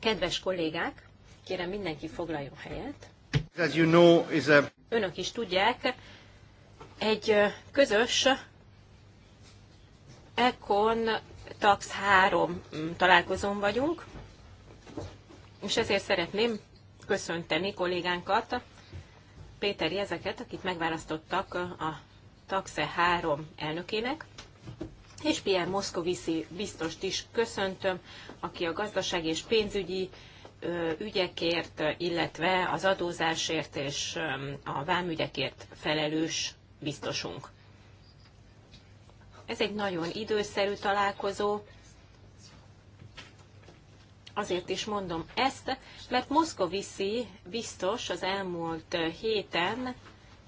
Kedves kollégák, kérem mindenki foglaljon helyet. As you know, is a... Önök is tudják, egy közös Econ Tax 3 találkozón vagyunk, és ezért szeretném köszönteni kollégánkat, Péter Jezeket, akit megválasztottak a TAXE 3 elnökének, és Pierre Moszkoviszi biztost is köszöntöm, aki a gazdaság és pénzügyi ügyekért, illetve az adózásért és a vámügyekért felelős biztosunk. Ez egy nagyon időszerű találkozó, azért is mondom ezt, mert Moszkoviszi biztos az elmúlt héten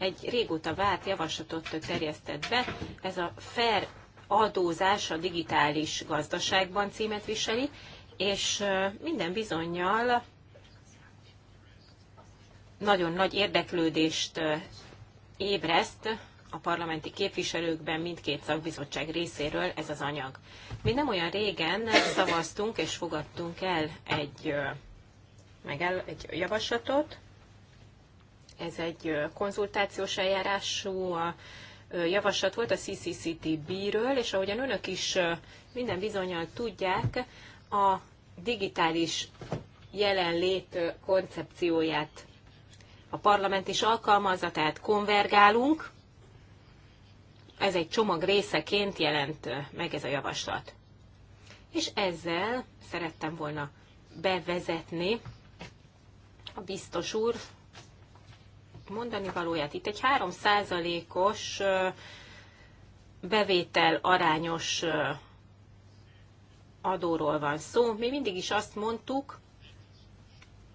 egy régóta várt javaslatot terjesztett be. Ez a fair adózás a digitális gazdaságban címet viseli, és minden bizonyal nagyon nagy érdeklődést ébreszt a parlamenti képviselőkben mindkét szakbizottság részéről ez az anyag. Mi nem olyan régen szavaztunk és fogadtunk el egy, el egy javaslatot, ez egy konzultációs eljárású javaslat volt a CCCTB-ről, és ahogyan önök is minden bizonyal tudják, a digitális jelenlét koncepcióját a parlament is alkalmazza, tehát konvergálunk. Ez egy csomag részeként jelent meg ez a javaslat. És ezzel szerettem volna bevezetni a biztos úr mondani valóját. Itt egy 3%-os bevétel arányos adóról van szó. Mi mindig is azt mondtuk,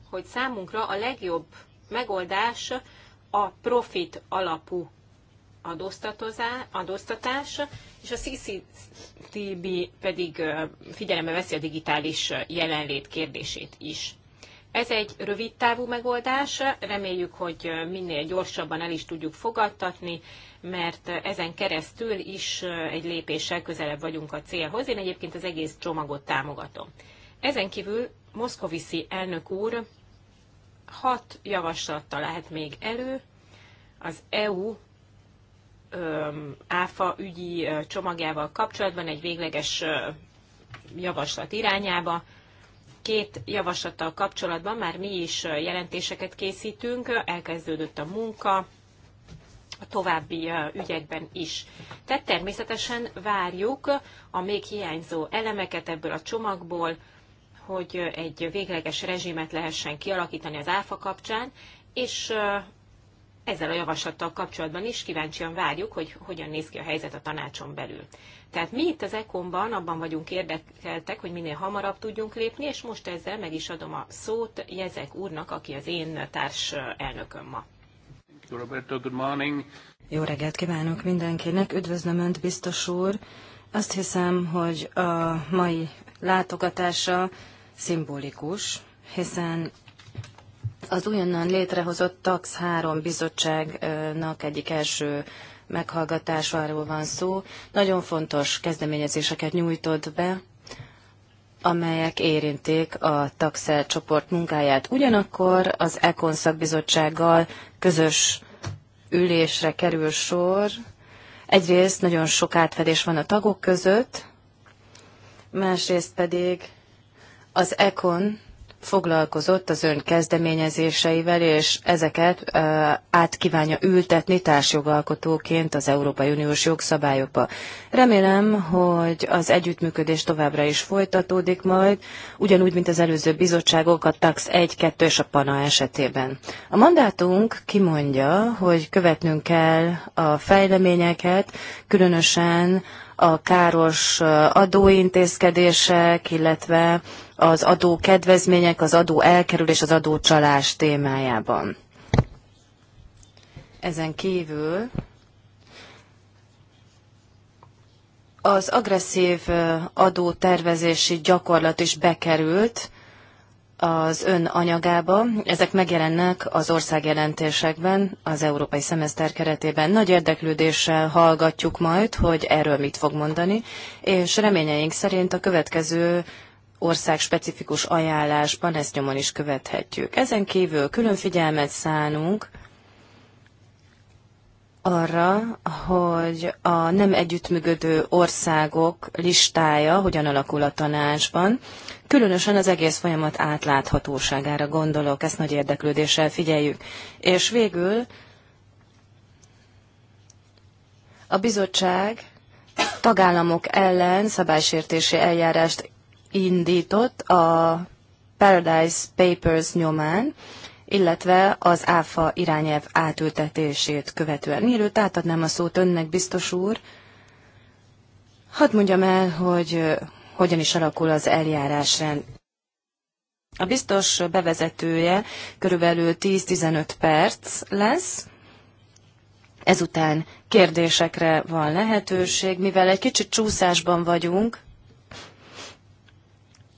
hogy számunkra a legjobb megoldás a profit alapú adóztatás, és a CCTB pedig figyelembe veszi a digitális jelenlét kérdését is. Ez egy rövid távú megoldás, reméljük, hogy minél gyorsabban el is tudjuk fogadtatni, mert ezen keresztül is egy lépéssel közelebb vagyunk a célhoz. Én egyébként az egész csomagot támogatom. Ezen kívül Moszkoviszi elnök úr hat javaslattal lehet még elő az EU áfa ügyi csomagjával kapcsolatban egy végleges javaslat irányába két javaslattal kapcsolatban már mi is jelentéseket készítünk, elkezdődött a munka a további ügyekben is. Tehát természetesen várjuk a még hiányzó elemeket ebből a csomagból, hogy egy végleges rezsimet lehessen kialakítani az áfa kapcsán, és ezzel a javaslattal kapcsolatban is kíváncsian várjuk, hogy hogyan néz ki a helyzet a tanácson belül. Tehát mi itt az ECOM-ban abban vagyunk érdekeltek, hogy minél hamarabb tudjunk lépni, és most ezzel meg is adom a szót Jezek úrnak, aki az én társ elnököm ma. Roberto, good morning. Jó reggelt kívánok mindenkinek, üdvözlöm Önt, biztos úr. Azt hiszem, hogy a mai látogatása szimbolikus, hiszen az újonnan létrehozott TAX 3 bizottságnak egyik első meghallgatásáról van szó. Nagyon fontos kezdeményezéseket nyújtott be, amelyek érinték a taxel csoport munkáját. Ugyanakkor az Econ szakbizottsággal közös ülésre kerül sor. Egyrészt nagyon sok átfedés van a tagok között, másrészt pedig az Econ foglalkozott az ön kezdeményezéseivel, és ezeket át kívánja ültetni társjogalkotóként az Európai Uniós jogszabályokba. Remélem, hogy az együttműködés továbbra is folytatódik majd, ugyanúgy, mint az előző bizottságok, a TAX 1, 2 és a PANA esetében. A mandátunk kimondja, hogy követnünk kell a fejleményeket, különösen a káros adóintézkedések, illetve az adókedvezmények, az adó elkerülés, az adócsalás témájában. Ezen kívül az agresszív adótervezési gyakorlat is bekerült az ön anyagába. Ezek megjelennek az országjelentésekben, az európai szemeszter keretében. Nagy érdeklődéssel hallgatjuk majd, hogy erről mit fog mondani, és reményeink szerint a következő ország specifikus ajánlásban ezt nyomon is követhetjük. Ezen kívül külön figyelmet szánunk arra, hogy a nem együttműködő országok listája hogyan alakul a tanácsban. Különösen az egész folyamat átláthatóságára gondolok, ezt nagy érdeklődéssel figyeljük. És végül a bizottság tagállamok ellen szabálysértési eljárást indított a Paradise Papers nyomán, illetve az ÁFA irányelv átültetését követően. Mielőtt átadnám a szót önnek, biztos úr, hadd mondjam el, hogy hogyan is alakul az eljárásrend. A biztos bevezetője körülbelül 10-15 perc lesz, ezután kérdésekre van lehetőség, mivel egy kicsit csúszásban vagyunk,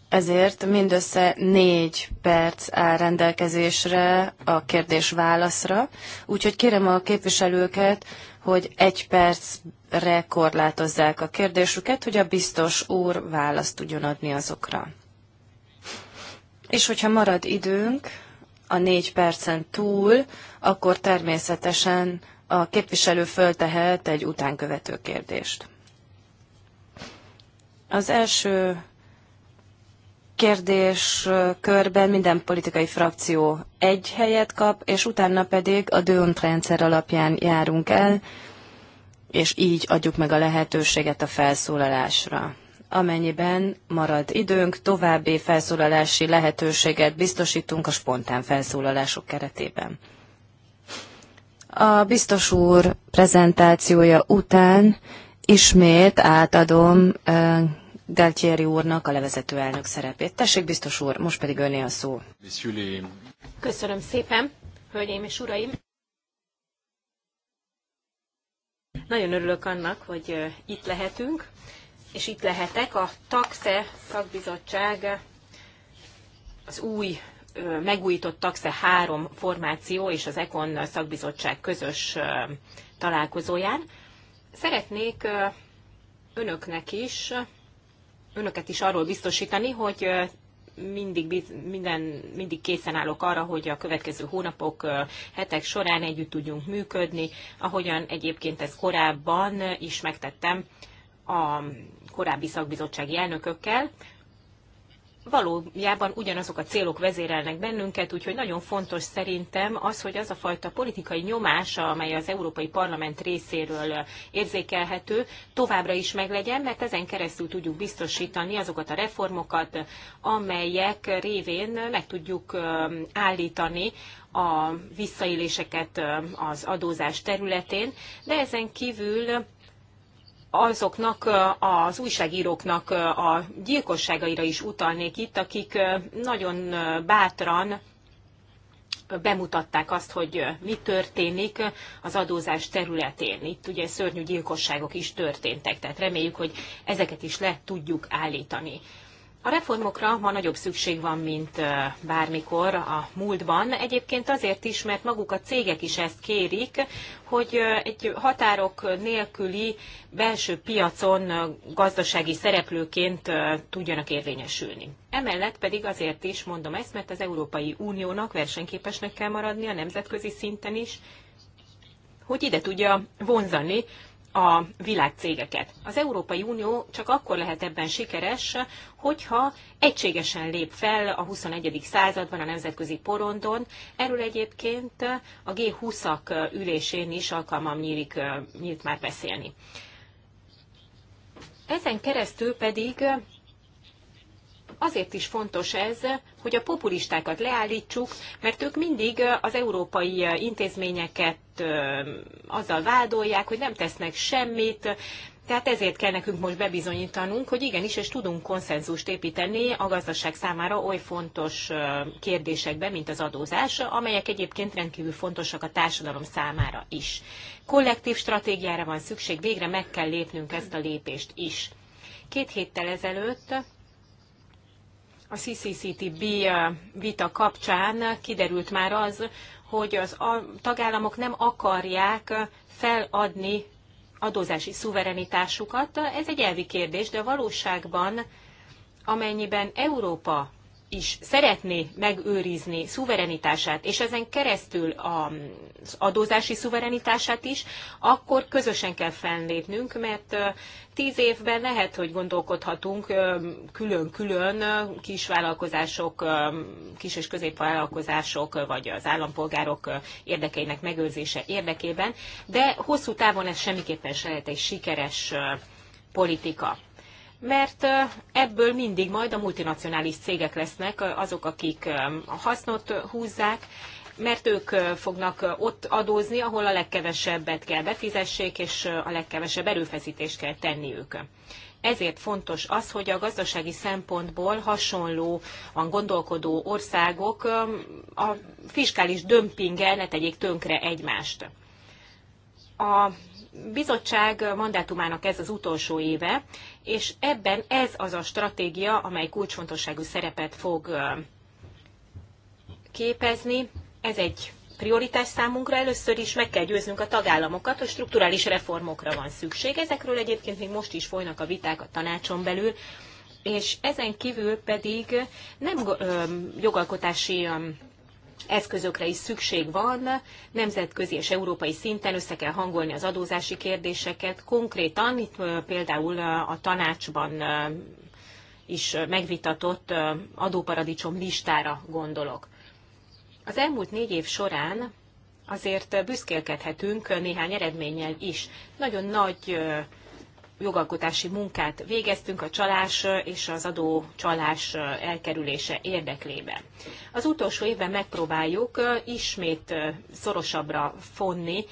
ezért mindössze négy perc áll rendelkezésre a kérdés-válaszra, úgyhogy kérem a képviselőket, hogy egy percre korlátozzák a kérdésüket, hogy a biztos úr választ tudjon adni azokra. És hogyha marad időnk a négy percen túl, akkor természetesen a képviselő föltehet egy utánkövető kérdést. Az első kérdéskörben minden politikai frakció egy helyet kap, és utána pedig a DÖNT rendszer alapján járunk el, és így adjuk meg a lehetőséget a felszólalásra. Amennyiben marad időnk, további felszólalási lehetőséget biztosítunk a spontán felszólalások keretében. A biztos úr prezentációja után ismét átadom Galtieri úrnak a levezető elnök szerepét. Tessék, biztos úr, most pedig öné a szó. Köszönöm szépen, hölgyeim és uraim! Nagyon örülök annak, hogy itt lehetünk, és itt lehetek a TAXE szakbizottság az új megújított TAXE három formáció és az EKON szakbizottság közös találkozóján. Szeretnék önöknek is önöket is arról biztosítani, hogy mindig, minden, mindig készen állok arra, hogy a következő hónapok, hetek során együtt tudjunk működni, ahogyan egyébként ezt korábban is megtettem a korábbi szakbizottsági elnökökkel, valójában ugyanazok a célok vezérelnek bennünket, úgyhogy nagyon fontos szerintem az, hogy az a fajta politikai nyomás, amely az Európai Parlament részéről érzékelhető, továbbra is meglegyen, mert ezen keresztül tudjuk biztosítani azokat a reformokat, amelyek révén meg tudjuk állítani a visszaéléseket az adózás területén, de ezen kívül azoknak az újságíróknak a gyilkosságaira is utalnék itt, akik nagyon bátran bemutatták azt, hogy mi történik az adózás területén. Itt ugye szörnyű gyilkosságok is történtek, tehát reméljük, hogy ezeket is le tudjuk állítani. A reformokra ma nagyobb szükség van, mint bármikor a múltban. Egyébként azért is, mert maguk a cégek is ezt kérik, hogy egy határok nélküli belső piacon gazdasági szereplőként tudjanak érvényesülni. Emellett pedig azért is mondom ezt, mert az Európai Uniónak versenyképesnek kell maradni a nemzetközi szinten is, hogy ide tudja vonzani a világcégeket. Az Európai Unió csak akkor lehet ebben sikeres, hogyha egységesen lép fel a 21. században a nemzetközi porondon. Erről egyébként a G20-ak ülésén is alkalmam nyílik, nyílt már beszélni. Ezen keresztül pedig Azért is fontos ez, hogy a populistákat leállítsuk, mert ők mindig az európai intézményeket azzal vádolják, hogy nem tesznek semmit, tehát ezért kell nekünk most bebizonyítanunk, hogy igenis, és tudunk konszenzust építeni a gazdaság számára oly fontos kérdésekben, mint az adózás, amelyek egyébként rendkívül fontosak a társadalom számára is. Kollektív stratégiára van szükség, végre meg kell lépnünk ezt a lépést is. Két héttel ezelőtt a CCCTB eh, vita kapcsán kiderült már az, hogy az a tagállamok nem akarják feladni adózási szuverenitásukat. Ez egy elvi kérdés, de a valóságban, amennyiben Európa is szeretné megőrizni szuverenitását, és ezen keresztül az adózási szuverenitását is, akkor közösen kell fennlépnünk, mert tíz évben lehet, hogy gondolkodhatunk külön-külön kisvállalkozások, kis- és középvállalkozások, vagy az állampolgárok érdekeinek megőrzése érdekében, de hosszú távon ez semmiképpen se lehet egy sikeres politika mert ebből mindig majd a multinacionális cégek lesznek azok, akik a hasznot húzzák, mert ők fognak ott adózni, ahol a legkevesebbet kell befizessék, és a legkevesebb erőfeszítést kell tenniük. Ezért fontos az, hogy a gazdasági szempontból hasonlóan gondolkodó országok a fiskális dömpinggel ne tegyék tönkre egymást. A bizottság mandátumának ez az utolsó éve, és ebben ez az a stratégia, amely kulcsfontosságú szerepet fog képezni. Ez egy prioritás számunkra. Először is meg kell győznünk a tagállamokat, hogy strukturális reformokra van szükség. Ezekről egyébként még most is folynak a viták a tanácson belül, és ezen kívül pedig nem jogalkotási eszközökre is szükség van, nemzetközi és európai szinten össze kell hangolni az adózási kérdéseket. Konkrétan itt például a tanácsban is megvitatott adóparadicsom listára gondolok. Az elmúlt négy év során azért büszkélkedhetünk néhány eredménnyel is. Nagyon nagy jogalkotási munkát végeztünk a csalás és az adó csalás elkerülése érdeklében. Az utolsó évben megpróbáljuk ismét szorosabbra fonni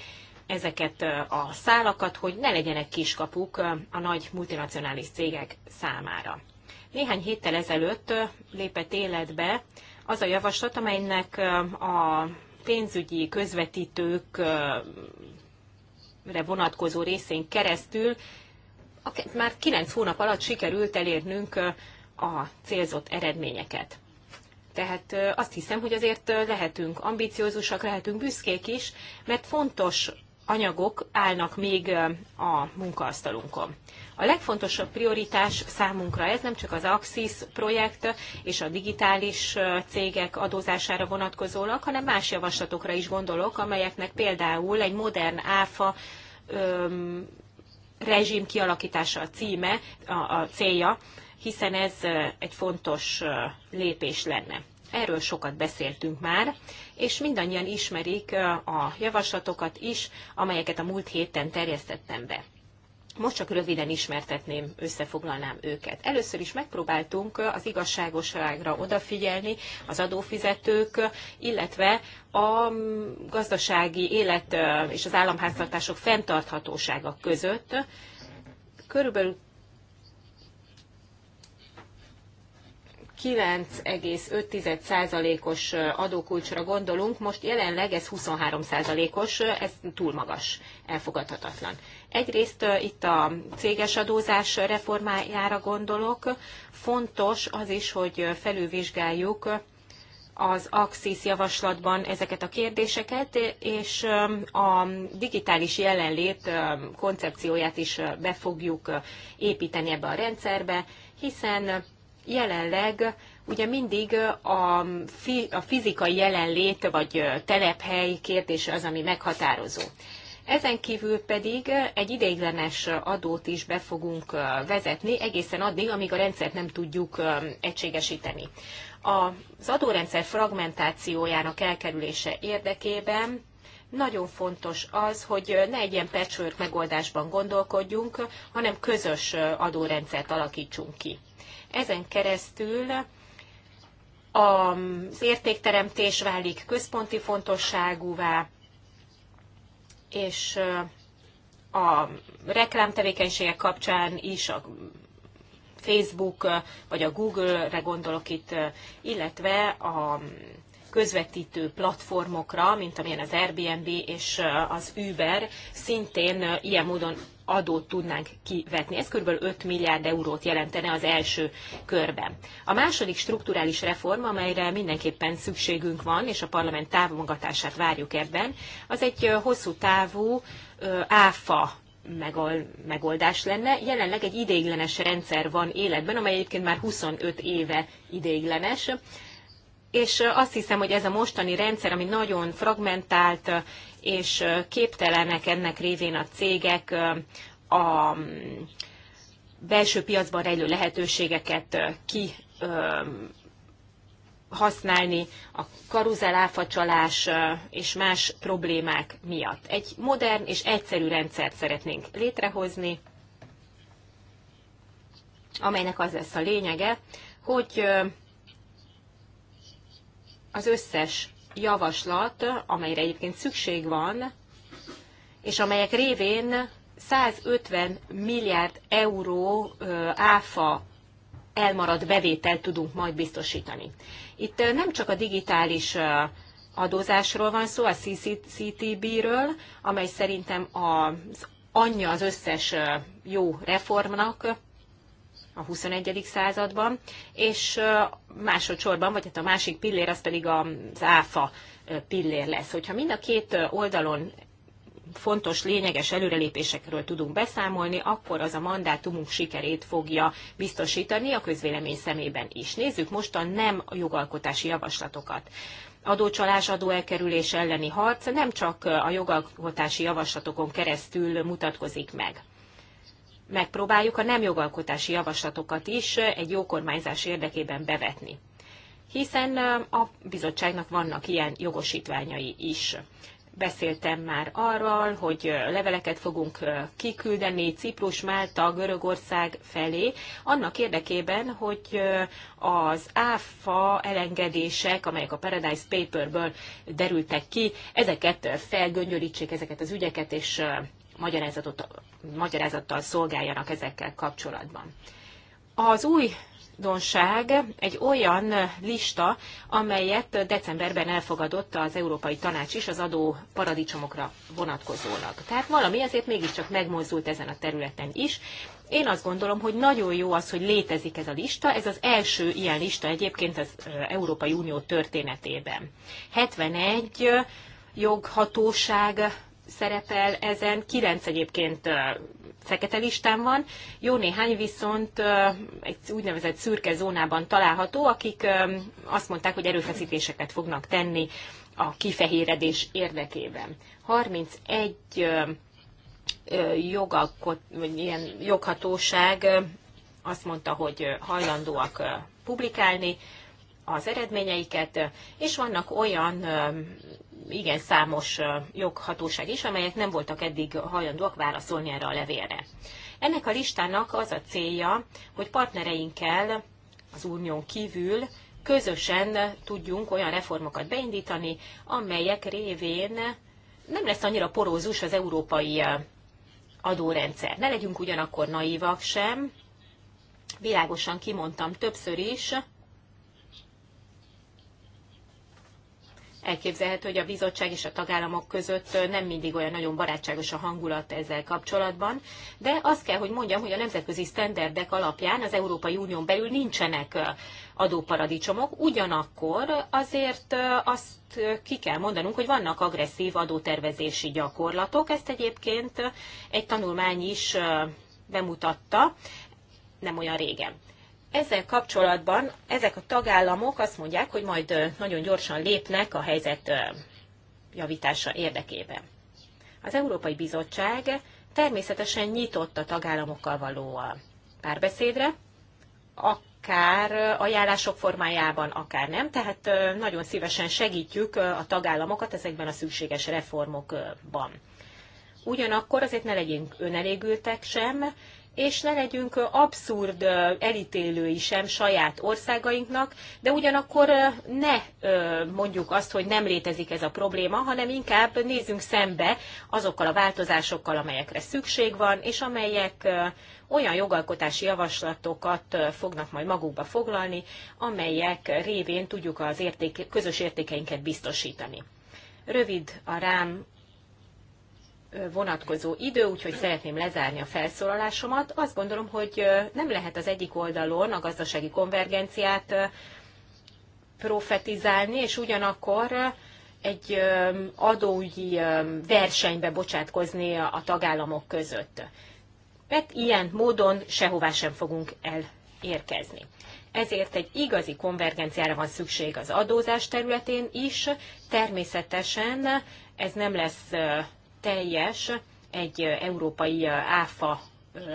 ezeket a szálakat, hogy ne legyenek kiskapuk a nagy multinacionális cégek számára. Néhány héttel ezelőtt lépett életbe az a javaslat, amelynek a pénzügyi közvetítőkre vonatkozó részén keresztül már 9 hónap alatt sikerült elérnünk a célzott eredményeket. Tehát azt hiszem, hogy azért lehetünk ambiciózusak, lehetünk büszkék is, mert fontos anyagok állnak még a munkaasztalunkon. A legfontosabb prioritás számunkra ez nem csak az Axis projekt és a digitális cégek adózására vonatkozólag, hanem más javaslatokra is gondolok, amelyeknek például egy modern áfa öm, rezsim kialakítása a címe, a, a célja, hiszen ez egy fontos lépés lenne. Erről sokat beszéltünk már, és mindannyian ismerik a javaslatokat is, amelyeket a múlt héten terjesztettem be most csak röviden ismertetném, összefoglalnám őket. Először is megpróbáltunk az igazságoságra odafigyelni, az adófizetők, illetve a mm, gazdasági élet és az államháztartások fenntarthatósága között. Körülbelül 9,5%-os adókulcsra gondolunk, most jelenleg ez 23%-os, ez túl magas, elfogadhatatlan. Egyrészt itt a céges adózás reformájára gondolok, fontos az is, hogy felülvizsgáljuk az Axis javaslatban ezeket a kérdéseket, és a digitális jelenlét koncepcióját is be fogjuk építeni ebbe a rendszerbe, hiszen jelenleg ugye mindig a, fi, a fizikai jelenlét vagy telephely kérdése az, ami meghatározó. Ezen kívül pedig egy ideiglenes adót is be fogunk vezetni, egészen addig, amíg a rendszert nem tudjuk egységesíteni. Az adórendszer fragmentációjának elkerülése érdekében nagyon fontos az, hogy ne egy ilyen patchwork megoldásban gondolkodjunk, hanem közös adórendszert alakítsunk ki. Ezen keresztül az értékteremtés válik központi fontosságúvá, és a reklámtevékenységek kapcsán is a Facebook vagy a Google-re gondolok itt, illetve a közvetítő platformokra, mint amilyen az Airbnb és az Uber, szintén ilyen módon adót tudnánk kivetni. Ez kb. 5 milliárd eurót jelentene az első körben. A második strukturális reform, amelyre mindenképpen szükségünk van, és a parlament támogatását várjuk ebben, az egy hosszú távú áfa megoldás lenne. Jelenleg egy ideiglenes rendszer van életben, amely egyébként már 25 éve ideiglenes, és azt hiszem, hogy ez a mostani rendszer, ami nagyon fragmentált és képtelenek ennek révén a cégek a mm, belső piacban rejlő lehetőségeket ki használni a karuzeláfacsalás és más problémák miatt. Egy modern és egyszerű rendszert szeretnénk létrehozni, amelynek az lesz a lényege, hogy az összes javaslat, amelyre egyébként szükség van, és amelyek révén 150 milliárd euró áfa elmaradt bevételt tudunk majd biztosítani. Itt nem csak a digitális adózásról van szó, a CCTB-ről, amely szerintem az anyja az összes jó reformnak, a 21. században, és másodszorban, vagy hát a másik pillér, az pedig az áfa pillér lesz. Hogyha mind a két oldalon fontos, lényeges előrelépésekről tudunk beszámolni, akkor az a mandátumunk sikerét fogja biztosítani a közvélemény szemében is. Nézzük most a nem jogalkotási javaslatokat. Adócsalás, adóelkerülés elleni harc nem csak a jogalkotási javaslatokon keresztül mutatkozik meg megpróbáljuk a nem jogalkotási javaslatokat is egy jó kormányzás érdekében bevetni. Hiszen a bizottságnak vannak ilyen jogosítványai is. Beszéltem már arról, hogy leveleket fogunk kiküldeni Ciprus, Málta, Görögország felé, annak érdekében, hogy az áfa elengedések, amelyek a Paradise Paperből derültek ki, ezeket felgöngyölítsék, ezeket az ügyeket, és magyarázatot magyarázattal szolgáljanak ezekkel kapcsolatban. Az új donság egy olyan lista, amelyet decemberben elfogadott az Európai Tanács is az adó paradicsomokra vonatkozólag. Tehát valami azért mégiscsak megmozdult ezen a területen is. Én azt gondolom, hogy nagyon jó az, hogy létezik ez a lista. Ez az első ilyen lista egyébként az Európai Unió történetében. 71 joghatóság szerepel ezen, kilenc egyébként fekete listán van, jó néhány viszont egy úgynevezett szürke zónában található, akik azt mondták, hogy erőfeszítéseket fognak tenni a kifehéredés érdekében. 31 jogakot, vagy ilyen joghatóság azt mondta, hogy hajlandóak publikálni az eredményeiket, és vannak olyan igen számos joghatóság is, amelyek nem voltak eddig hajlandóak válaszolni erre a levélre. Ennek a listának az a célja, hogy partnereinkkel az unión kívül közösen tudjunk olyan reformokat beindítani, amelyek révén nem lesz annyira porózus az európai adórendszer. Ne legyünk ugyanakkor naívak sem. Világosan kimondtam többször is, elképzelhető, hogy a bizottság és a tagállamok között nem mindig olyan nagyon barátságos a hangulat ezzel kapcsolatban, de azt kell, hogy mondjam, hogy a nemzetközi sztenderdek alapján az Európai Unión belül nincsenek adóparadicsomok, ugyanakkor azért azt ki kell mondanunk, hogy vannak agresszív adótervezési gyakorlatok, ezt egyébként egy tanulmány is bemutatta nem olyan régen ezzel kapcsolatban ezek a tagállamok azt mondják, hogy majd nagyon gyorsan lépnek a helyzet javítása érdekében. Az Európai Bizottság természetesen nyitott a tagállamokkal való párbeszédre, akár ajánlások formájában, akár nem, tehát nagyon szívesen segítjük a tagállamokat ezekben a szükséges reformokban. Ugyanakkor azért ne legyünk önelégültek sem, és ne legyünk abszurd elítélői sem saját országainknak, de ugyanakkor ne mondjuk azt, hogy nem létezik ez a probléma, hanem inkább nézzünk szembe azokkal a változásokkal, amelyekre szükség van, és amelyek olyan jogalkotási javaslatokat fognak majd magukba foglalni, amelyek révén tudjuk az érték, közös értékeinket biztosítani. Rövid a rám vonatkozó idő, úgyhogy szeretném lezárni a felszólalásomat. Azt gondolom, hogy nem lehet az egyik oldalon a gazdasági konvergenciát profetizálni, és ugyanakkor egy adóügyi versenybe bocsátkozni a tagállamok között. Mert ilyen módon sehová sem fogunk elérkezni. Ezért egy igazi konvergenciára van szükség az adózás területén is. Természetesen ez nem lesz teljes egy európai áfa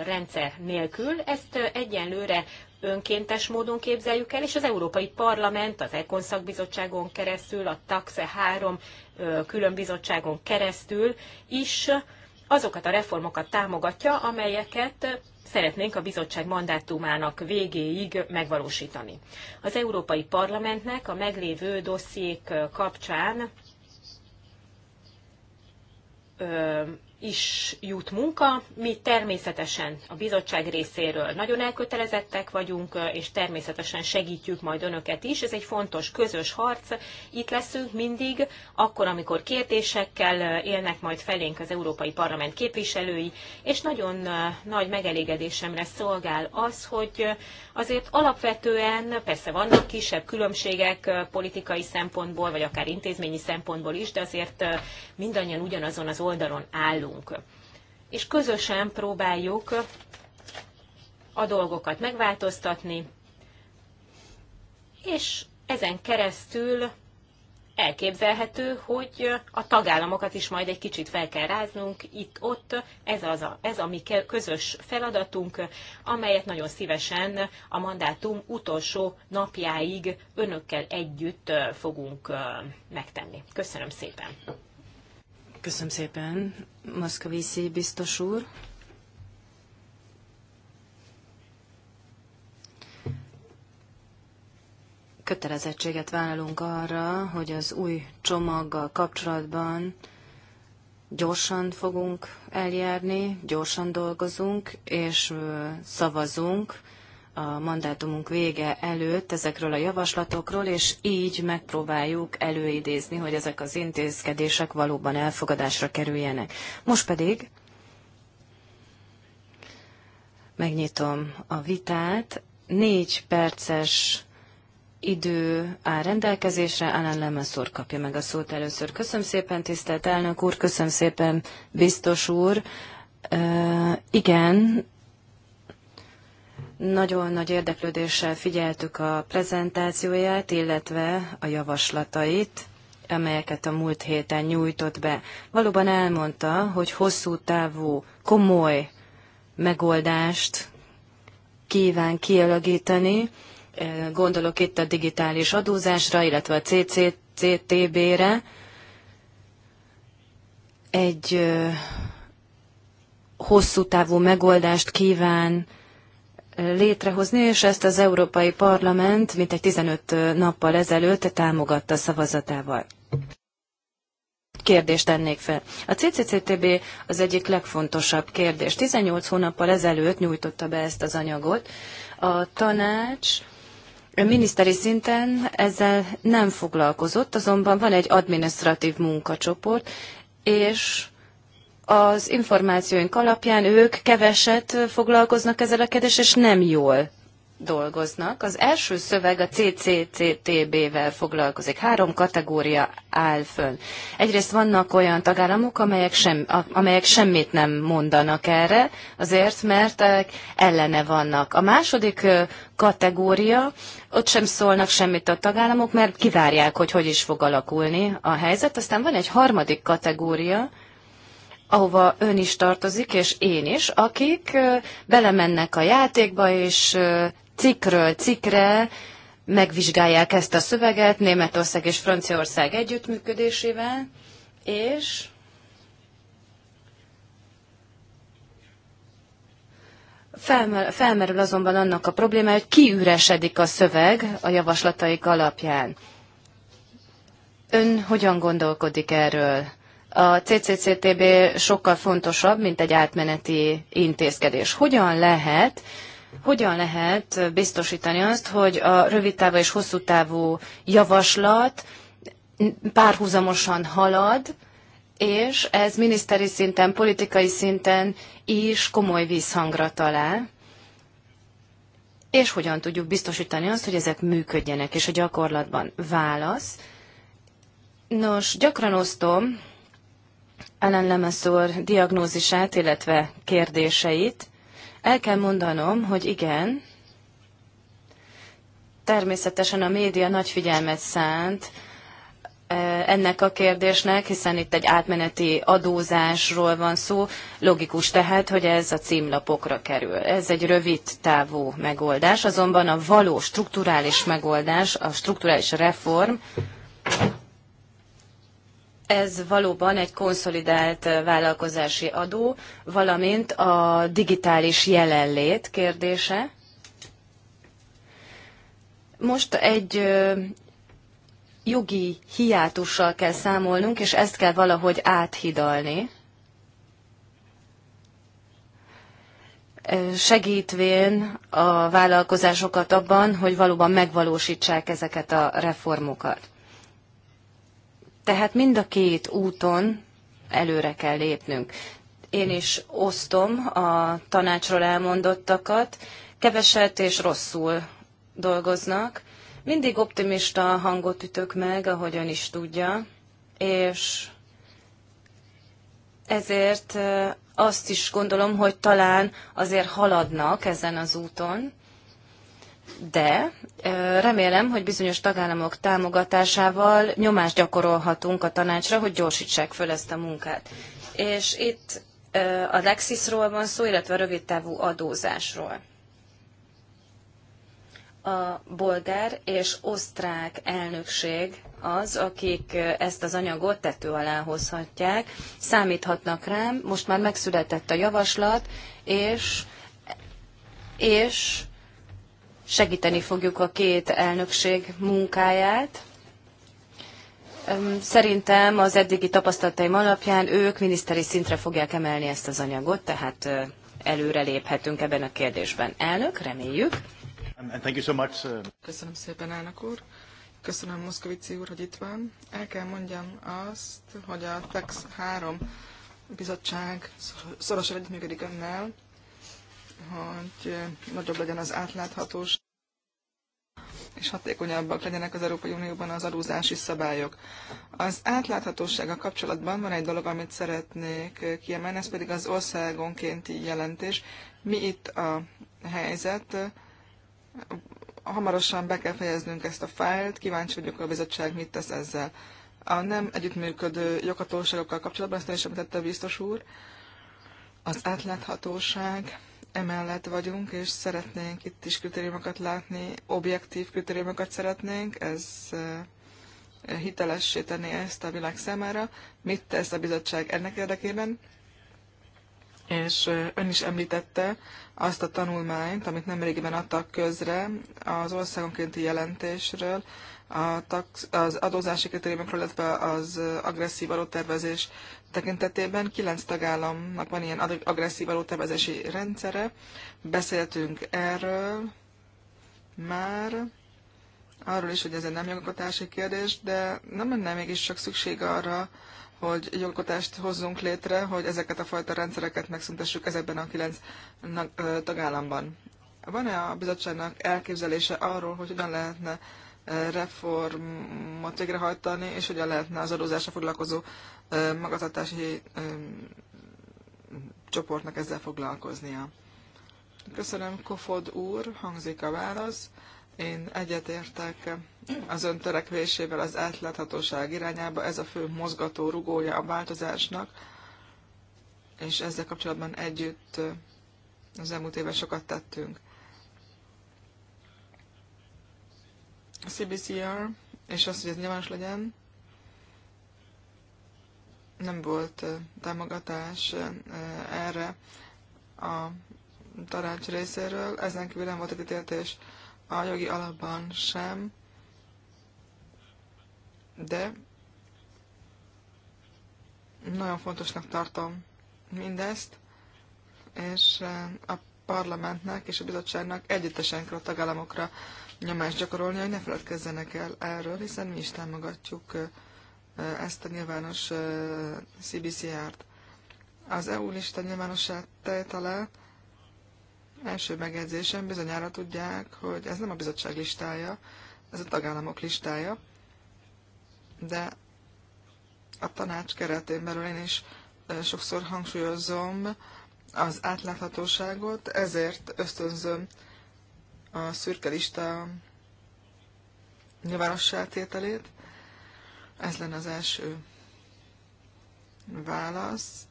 rendszer nélkül. Ezt egyenlőre önkéntes módon képzeljük el, és az Európai Parlament az Ekon szakbizottságon keresztül, a TAXE 3 külön bizottságon keresztül is azokat a reformokat támogatja, amelyeket szeretnénk a bizottság mandátumának végéig megvalósítani. Az Európai Parlamentnek a meglévő dossziék kapcsán ö, is jut munka. Mi természetesen a bizottság részéről nagyon elkötelezettek vagyunk, és természetesen segítjük majd önöket is. Ez egy fontos közös harc. Itt leszünk mindig, akkor, amikor kérdésekkel élnek majd felénk az Európai Parlament képviselői, és nagyon nagy megelégedésemre szolgál az, hogy azért alapvetően persze vannak kisebb különbségek politikai szempontból, vagy akár intézményi szempontból is, de azért mindannyian ugyanazon az oldalon állunk dolgozunk. És közösen próbáljuk a dolgokat megváltoztatni, és ezen keresztül elképzelhető, hogy a tagállamokat is majd egy kicsit fel kell ráznunk itt-ott. Ez, az a, ez a mi közös feladatunk, amelyet nagyon szívesen a mandátum utolsó napjáig önökkel együtt fogunk megtenni. Köszönöm szépen! Köszönöm szépen, Moszkvészi biztos úr. Kötelezettséget vállalunk arra, hogy az új csomaggal kapcsolatban gyorsan fogunk eljárni, gyorsan dolgozunk és szavazunk a mandátumunk vége előtt ezekről a javaslatokról, és így megpróbáljuk előidézni, hogy ezek az intézkedések valóban elfogadásra kerüljenek. Most pedig megnyitom a vitát. Négy perces idő áll rendelkezésre, Alan Lemeszor kapja meg a szót először. Köszönöm szépen, tisztelt elnök úr, köszönöm szépen, biztos úr. Uh, igen, nagyon nagy érdeklődéssel figyeltük a prezentációját, illetve a javaslatait, amelyeket a múlt héten nyújtott be. Valóban elmondta, hogy hosszú távú, komoly megoldást kíván kialakítani. Eh, gondolok itt a digitális adózásra, illetve a CCCTB-re. Egy eh, hosszú távú megoldást kíván létrehozni, és ezt az Európai Parlament mintegy 15 nappal ezelőtt támogatta szavazatával. Kérdést tennék fel. A CCCTB az egyik legfontosabb kérdés. 18 hónappal ezelőtt nyújtotta be ezt az anyagot. A tanács miniszteri szinten ezzel nem foglalkozott, azonban van egy administratív munkacsoport, és az információink alapján ők keveset foglalkoznak ezzel a kérdéssel, és nem jól dolgoznak. Az első szöveg a CCCTB-vel foglalkozik. Három kategória áll fönn. Egyrészt vannak olyan tagállamok, amelyek, sem, amelyek semmit nem mondanak erre, azért, mert ellene vannak. A második kategória, ott sem szólnak semmit a tagállamok, mert kivárják, hogy hogy is fog alakulni a helyzet. Aztán van egy harmadik kategória, ahova ön is tartozik, és én is, akik belemennek a játékba, és cikről cikre megvizsgálják ezt a szöveget Németország és Franciaország együttműködésével, és Felmerül azonban annak a probléma, hogy kiüresedik a szöveg a javaslataik alapján. Ön hogyan gondolkodik erről? a CCCTB sokkal fontosabb, mint egy átmeneti intézkedés. Hogyan lehet hogyan lehet biztosítani azt, hogy a rövid távú és hosszú távú javaslat párhuzamosan halad, és ez miniszteri szinten, politikai szinten is komoly vízhangra talál, és hogyan tudjuk biztosítani azt, hogy ezek működjenek, és a gyakorlatban válasz. Nos, gyakran osztom ellen Lemeszor diagnózisát, illetve kérdéseit. El kell mondanom, hogy igen, természetesen a média nagy figyelmet szánt e, ennek a kérdésnek, hiszen itt egy átmeneti adózásról van szó. Logikus tehát, hogy ez a címlapokra kerül. Ez egy rövid távú megoldás, azonban a való strukturális megoldás, a strukturális reform ez valóban egy konszolidált vállalkozási adó, valamint a digitális jelenlét kérdése. Most egy jogi hiátussal kell számolnunk, és ezt kell valahogy áthidalni. segítvén a vállalkozásokat abban, hogy valóban megvalósítsák ezeket a reformokat. Tehát mind a két úton előre kell lépnünk. Én is osztom a tanácsról elmondottakat, keveset és rosszul dolgoznak. Mindig optimista hangot ütök meg, ahogy ön is tudja, és ezért azt is gondolom, hogy talán azért haladnak ezen az úton, de remélem, hogy bizonyos tagállamok támogatásával nyomást gyakorolhatunk a tanácsra, hogy gyorsítsák föl ezt a munkát. És itt a Lexisról van szó, illetve a rövidtávú adózásról. A bolgár és osztrák elnökség az, akik ezt az anyagot tető alá hozhatják, számíthatnak rám, most már megszületett a javaslat, és, és segíteni fogjuk a két elnökség munkáját. Szerintem az eddigi tapasztalataim alapján ők miniszteri szintre fogják emelni ezt az anyagot, tehát előre léphetünk ebben a kérdésben. Elnök, reméljük. Köszönöm szépen, elnök úr. Köszönöm Moszkovici úr, hogy itt van. El kell mondjam azt, hogy a TEX 3 bizottság szorosan együttműködik önnel, hogy eh, nagyobb legyen az átláthatóság, és hatékonyabbak legyenek az Európai Unióban az adózási szabályok. Az átláthatósága kapcsolatban van egy dolog, amit szeretnék eh, kiemelni, ez pedig az országonkénti jelentés. Mi itt a helyzet? Hamarosan be kell fejeznünk ezt a fájlt, kíváncsi vagyok, a bizottság mit tesz ezzel. A nem együttműködő joghatóságokkal kapcsolatban, ezt is említette a biztos úr, az átláthatóság emellett vagyunk, és szeretnénk itt is kritériumokat látni, objektív kritériumokat szeretnénk, ez eh, hitelessé tenni ezt a világ számára. Mit tesz a bizottság ennek érdekében? És eh, ön is említette azt a tanulmányt, amit nemrégiben adtak közre az országonkénti jelentésről, a tax, az adózási kritériumokról, illetve az eh, agresszív adótervezés tekintetében kilenc tagállamnak van ilyen agresszív adótevezési rendszere. Beszéltünk erről már, arról is, hogy ez egy nem jogalkotási kérdés, de nem lenne mégis csak szükség arra, hogy jogalkotást hozzunk létre, hogy ezeket a fajta rendszereket megszüntessük ezekben a kilenc tagállamban. Van-e a bizottságnak elképzelése arról, hogy hogyan lehetne reformot végrehajtani, és hogyan lehetne az adózásra foglalkozó magatartási csoportnak ezzel foglalkoznia. Köszönöm, Kofod úr, hangzik a válasz. Én egyetértek az ön törekvésével az átláthatóság irányába, ez a fő mozgató rugója a változásnak, és ezzel kapcsolatban együtt az elmúlt éve sokat tettünk. A CBCR, és az, hogy ez nyilvános legyen, nem volt támogatás erre a tanács részéről, ezen kívül nem volt egy a jogi alapban sem, de nagyon fontosnak tartom mindezt, és a parlamentnek és a bizottságnak együttesen kell a tagállamokra nyomást gyakorolni, hogy ne feledkezzenek el erről, hiszen mi is támogatjuk ezt a nyilvános CBCR-t. Az EU lista nyilvánossá le, első megjegyzésem bizonyára tudják, hogy ez nem a bizottság listája, ez a tagállamok listája, de a tanács keretén belül én is sokszor hangsúlyozom az átláthatóságot, ezért ösztönzöm a szürke lista nyilvánossá tételét, ez lenne az első válasz.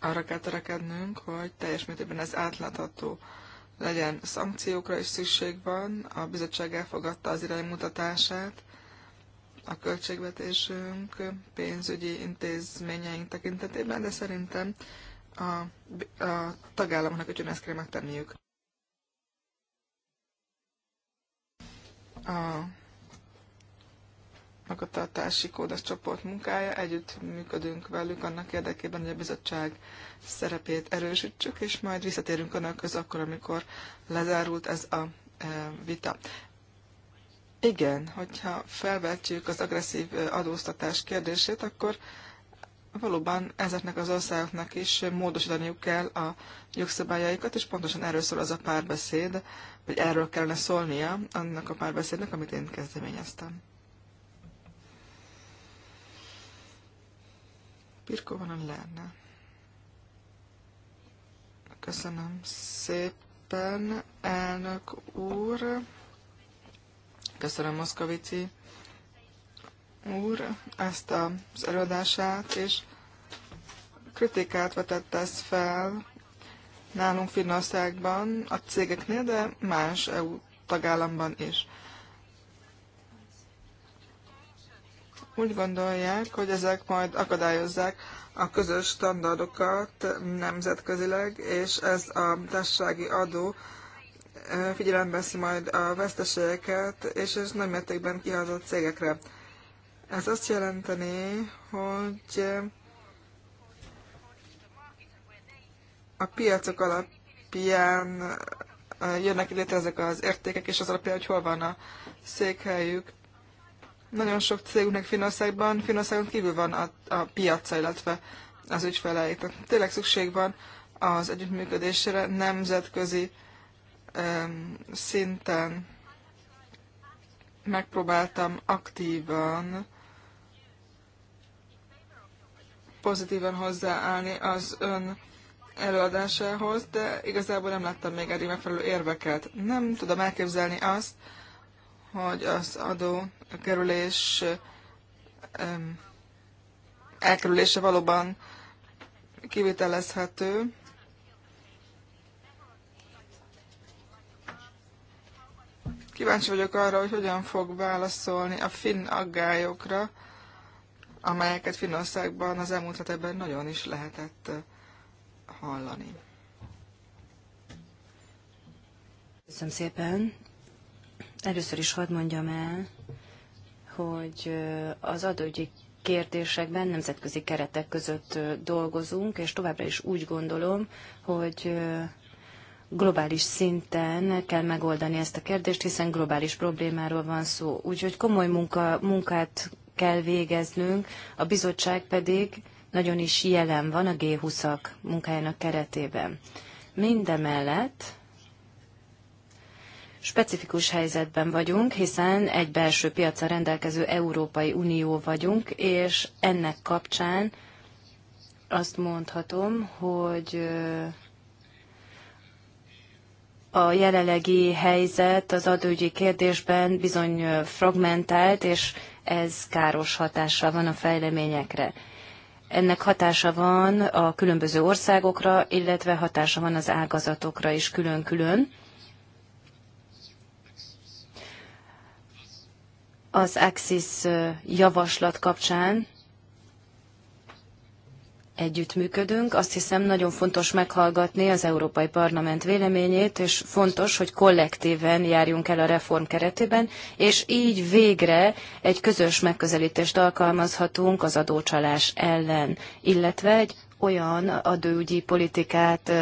Arra kell törekednünk, hogy teljes mértékben ez átlátható legyen. Szankciókra is szükség van. A bizottság elfogadta az iránymutatását a költségvetésünk pénzügyi intézményeink tekintetében, de szerintem a, a tagállamoknak ugyanezt kell megtenniük. A magatartási kódas csoport munkája, együtt működünk velük annak érdekében, hogy a bizottság szerepét erősítsük, és majd visszatérünk annak önökhöz akkor, amikor lezárult ez a e, vita. Igen, hogyha felvetjük az agresszív e, adóztatás kérdését, akkor valóban ezeknek az országoknak is módosítaniuk kell a jogszabályaikat, és pontosan erről szól az a párbeszéd, vagy erről kellene szólnia annak a párbeszédnek, amit én kezdeményeztem. Pirko van lenne. Köszönöm szépen, elnök úr. Köszönöm Moszkovici úr ezt az előadását, és kritikát vetett ez fel nálunk Finnországban, a cégeknél, de más EU tagállamban is. úgy gondolják, hogy ezek majd akadályozzák a közös standardokat nemzetközileg, és ez a társasági adó figyelembe veszi majd a veszteségeket, és ez nagy mértékben kihazott cégekre. Ez azt jelenteni, hogy a piacok alapján jönnek létre ezek az értékek, és az alapján, hogy hol van a székhelyük. Nagyon sok cégünknek Finországban, Finországon kívül van a, a piaca, illetve az ügyfeleik. Tényleg szükség van az együttműködésre nemzetközi um, szinten. Megpróbáltam aktívan pozitívan hozzáállni az ön előadásához, de igazából nem láttam még eddig megfelelő érveket. Nem tudom elképzelni azt, hogy az adó kerülés elkerülése valóban kivitelezhető. Kíváncsi vagyok arra, hogy hogyan fog válaszolni a finn aggályokra, amelyeket Finnországban az elmúlt hetekben nagyon is lehetett eh, hallani. Köszönöm szépen. Először is hadd mondjam el, hogy az adógyi kérdésekben nemzetközi keretek között dolgozunk, és továbbra is úgy gondolom, hogy globális szinten kell megoldani ezt a kérdést, hiszen globális problémáról van szó. Úgyhogy komoly munka, munkát kell végeznünk, a bizottság pedig nagyon is jelen van a G20-ak munkájának keretében. Mindemellett Specifikus helyzetben vagyunk, hiszen egy belső piacra rendelkező Európai Unió vagyunk, és ennek kapcsán azt mondhatom, hogy a jelenlegi helyzet az adőgyi kérdésben bizony fragmentált, és ez káros hatása van a fejleményekre. Ennek hatása van a különböző országokra, illetve hatása van az ágazatokra is külön-külön. az Axis javaslat kapcsán együttműködünk. Azt hiszem nagyon fontos meghallgatni az Európai Parlament véleményét, és fontos, hogy kollektíven járjunk el a reform keretében, és így végre egy közös megközelítést alkalmazhatunk az adócsalás ellen, illetve egy olyan adóügyi politikát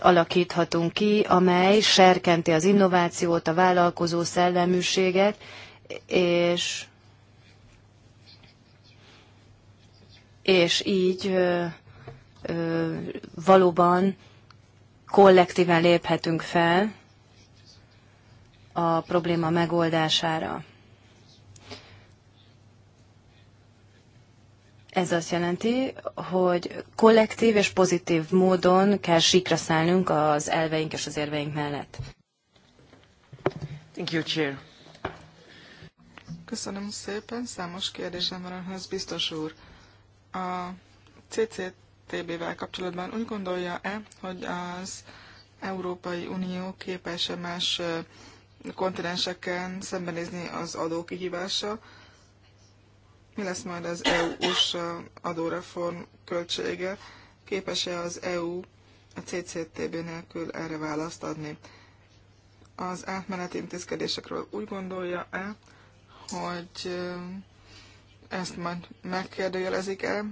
alakíthatunk ki, amely serkenti az innovációt, a vállalkozó szelleműséget, és és így ö, ö, valóban kollektíven léphetünk fel a probléma megoldására. Ez azt jelenti, hogy kollektív és pozitív módon kell síkra szállnunk az elveink és az érveink mellett. Thank you, Chair. Köszönöm szépen, számos kérdésem van önhöz, biztos úr. A CCTB-vel kapcsolatban úgy gondolja-e, hogy az Európai Unió képes-e más kontinenseken szembenézni az adó kihívása? Mi lesz majd az EU-s adóreform költsége? Képes-e az EU a CCTB nélkül erre választ adni? Az átmeneti intézkedésekről úgy gondolja-e, hogy ezt majd megkérdőjelezik-e,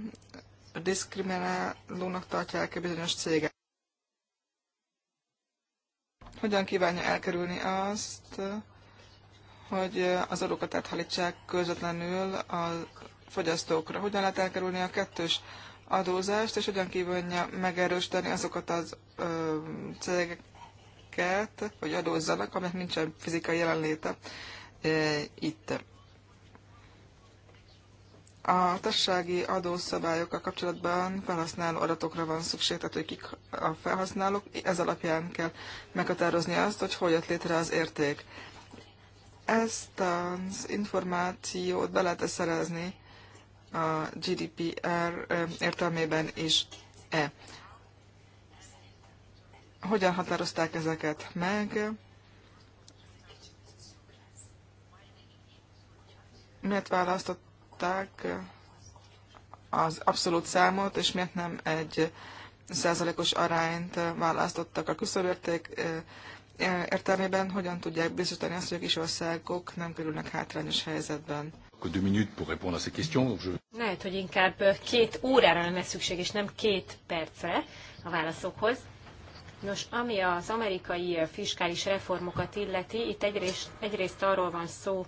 diszkriminálónak tartják-e bizonyos cégek. Hogyan kívánja elkerülni azt, hogy az adókat áthalítsák közvetlenül a fogyasztókra? Hogyan lehet elkerülni a kettős adózást, és hogyan kívánja megerősíteni azokat az ö, cégeket, hogy adózzanak, amelyek nincsen fizikai jelenléte e, itt. A tassági adószabályokkal kapcsolatban felhasználó adatokra van szükség, tehát hogy kik a felhasználók, ez alapján kell meghatározni azt, hogy hogy jött létre az érték. Ezt az információt be lehet -e szerezni a GDPR értelmében is e. Hogyan határozták ezeket meg? Miért választott megkapták az abszolút számot, és miért nem egy százalékos arányt választottak a küszöbérték értelmében, hogyan tudják biztosítani azt, hogy a kisországok nem kerülnek hátrányos helyzetben. Lehet, hogy inkább két órára lenne szükség, és nem két percre a válaszokhoz. Nos, ami az amerikai fiskális reformokat illeti, itt egyrészt, egyrészt arról van szó,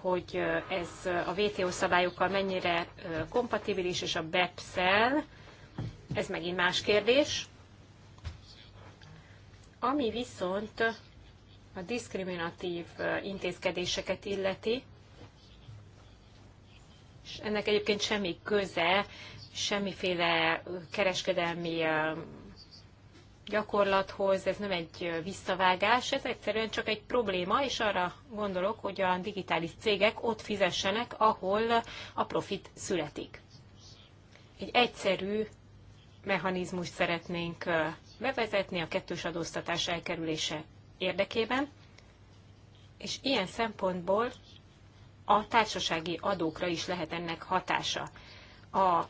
hogy ez a WTO szabályokkal mennyire kompatibilis, és a BEPS-el, ez megint más kérdés. Ami viszont a diszkriminatív intézkedéseket illeti, és ennek egyébként semmi köze semmiféle kereskedelmi gyakorlathoz, ez nem egy visszavágás, ez egyszerűen csak egy probléma, és arra gondolok, hogy a digitális cégek ott fizessenek, ahol a profit születik. Egy egyszerű mechanizmust szeretnénk bevezetni a kettős adóztatás elkerülése érdekében, és ilyen szempontból a társasági adókra is lehet ennek hatása. A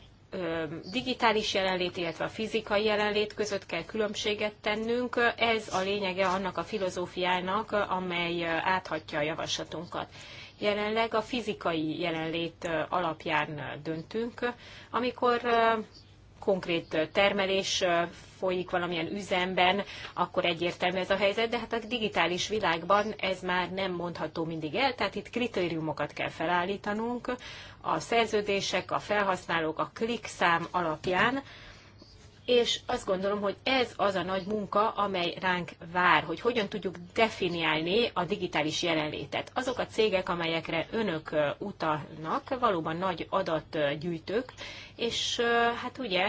digitális jelenlét, illetve a fizikai jelenlét között kell különbséget tennünk. Ez a lényege annak a filozófiának, amely áthatja a javaslatunkat. Jelenleg a fizikai jelenlét alapján döntünk, amikor konkrét termelés folyik valamilyen üzemben, akkor egyértelmű ez a helyzet, de hát a digitális világban ez már nem mondható mindig el, tehát itt kritériumokat kell felállítanunk a szerződések, a felhasználók, a klikszám alapján, és azt gondolom, hogy ez az a nagy munka, amely ránk vár, hogy hogyan tudjuk definiálni a digitális jelenlétet. Azok a cégek, amelyekre önök utalnak, valóban nagy adatgyűjtők, és hát ugye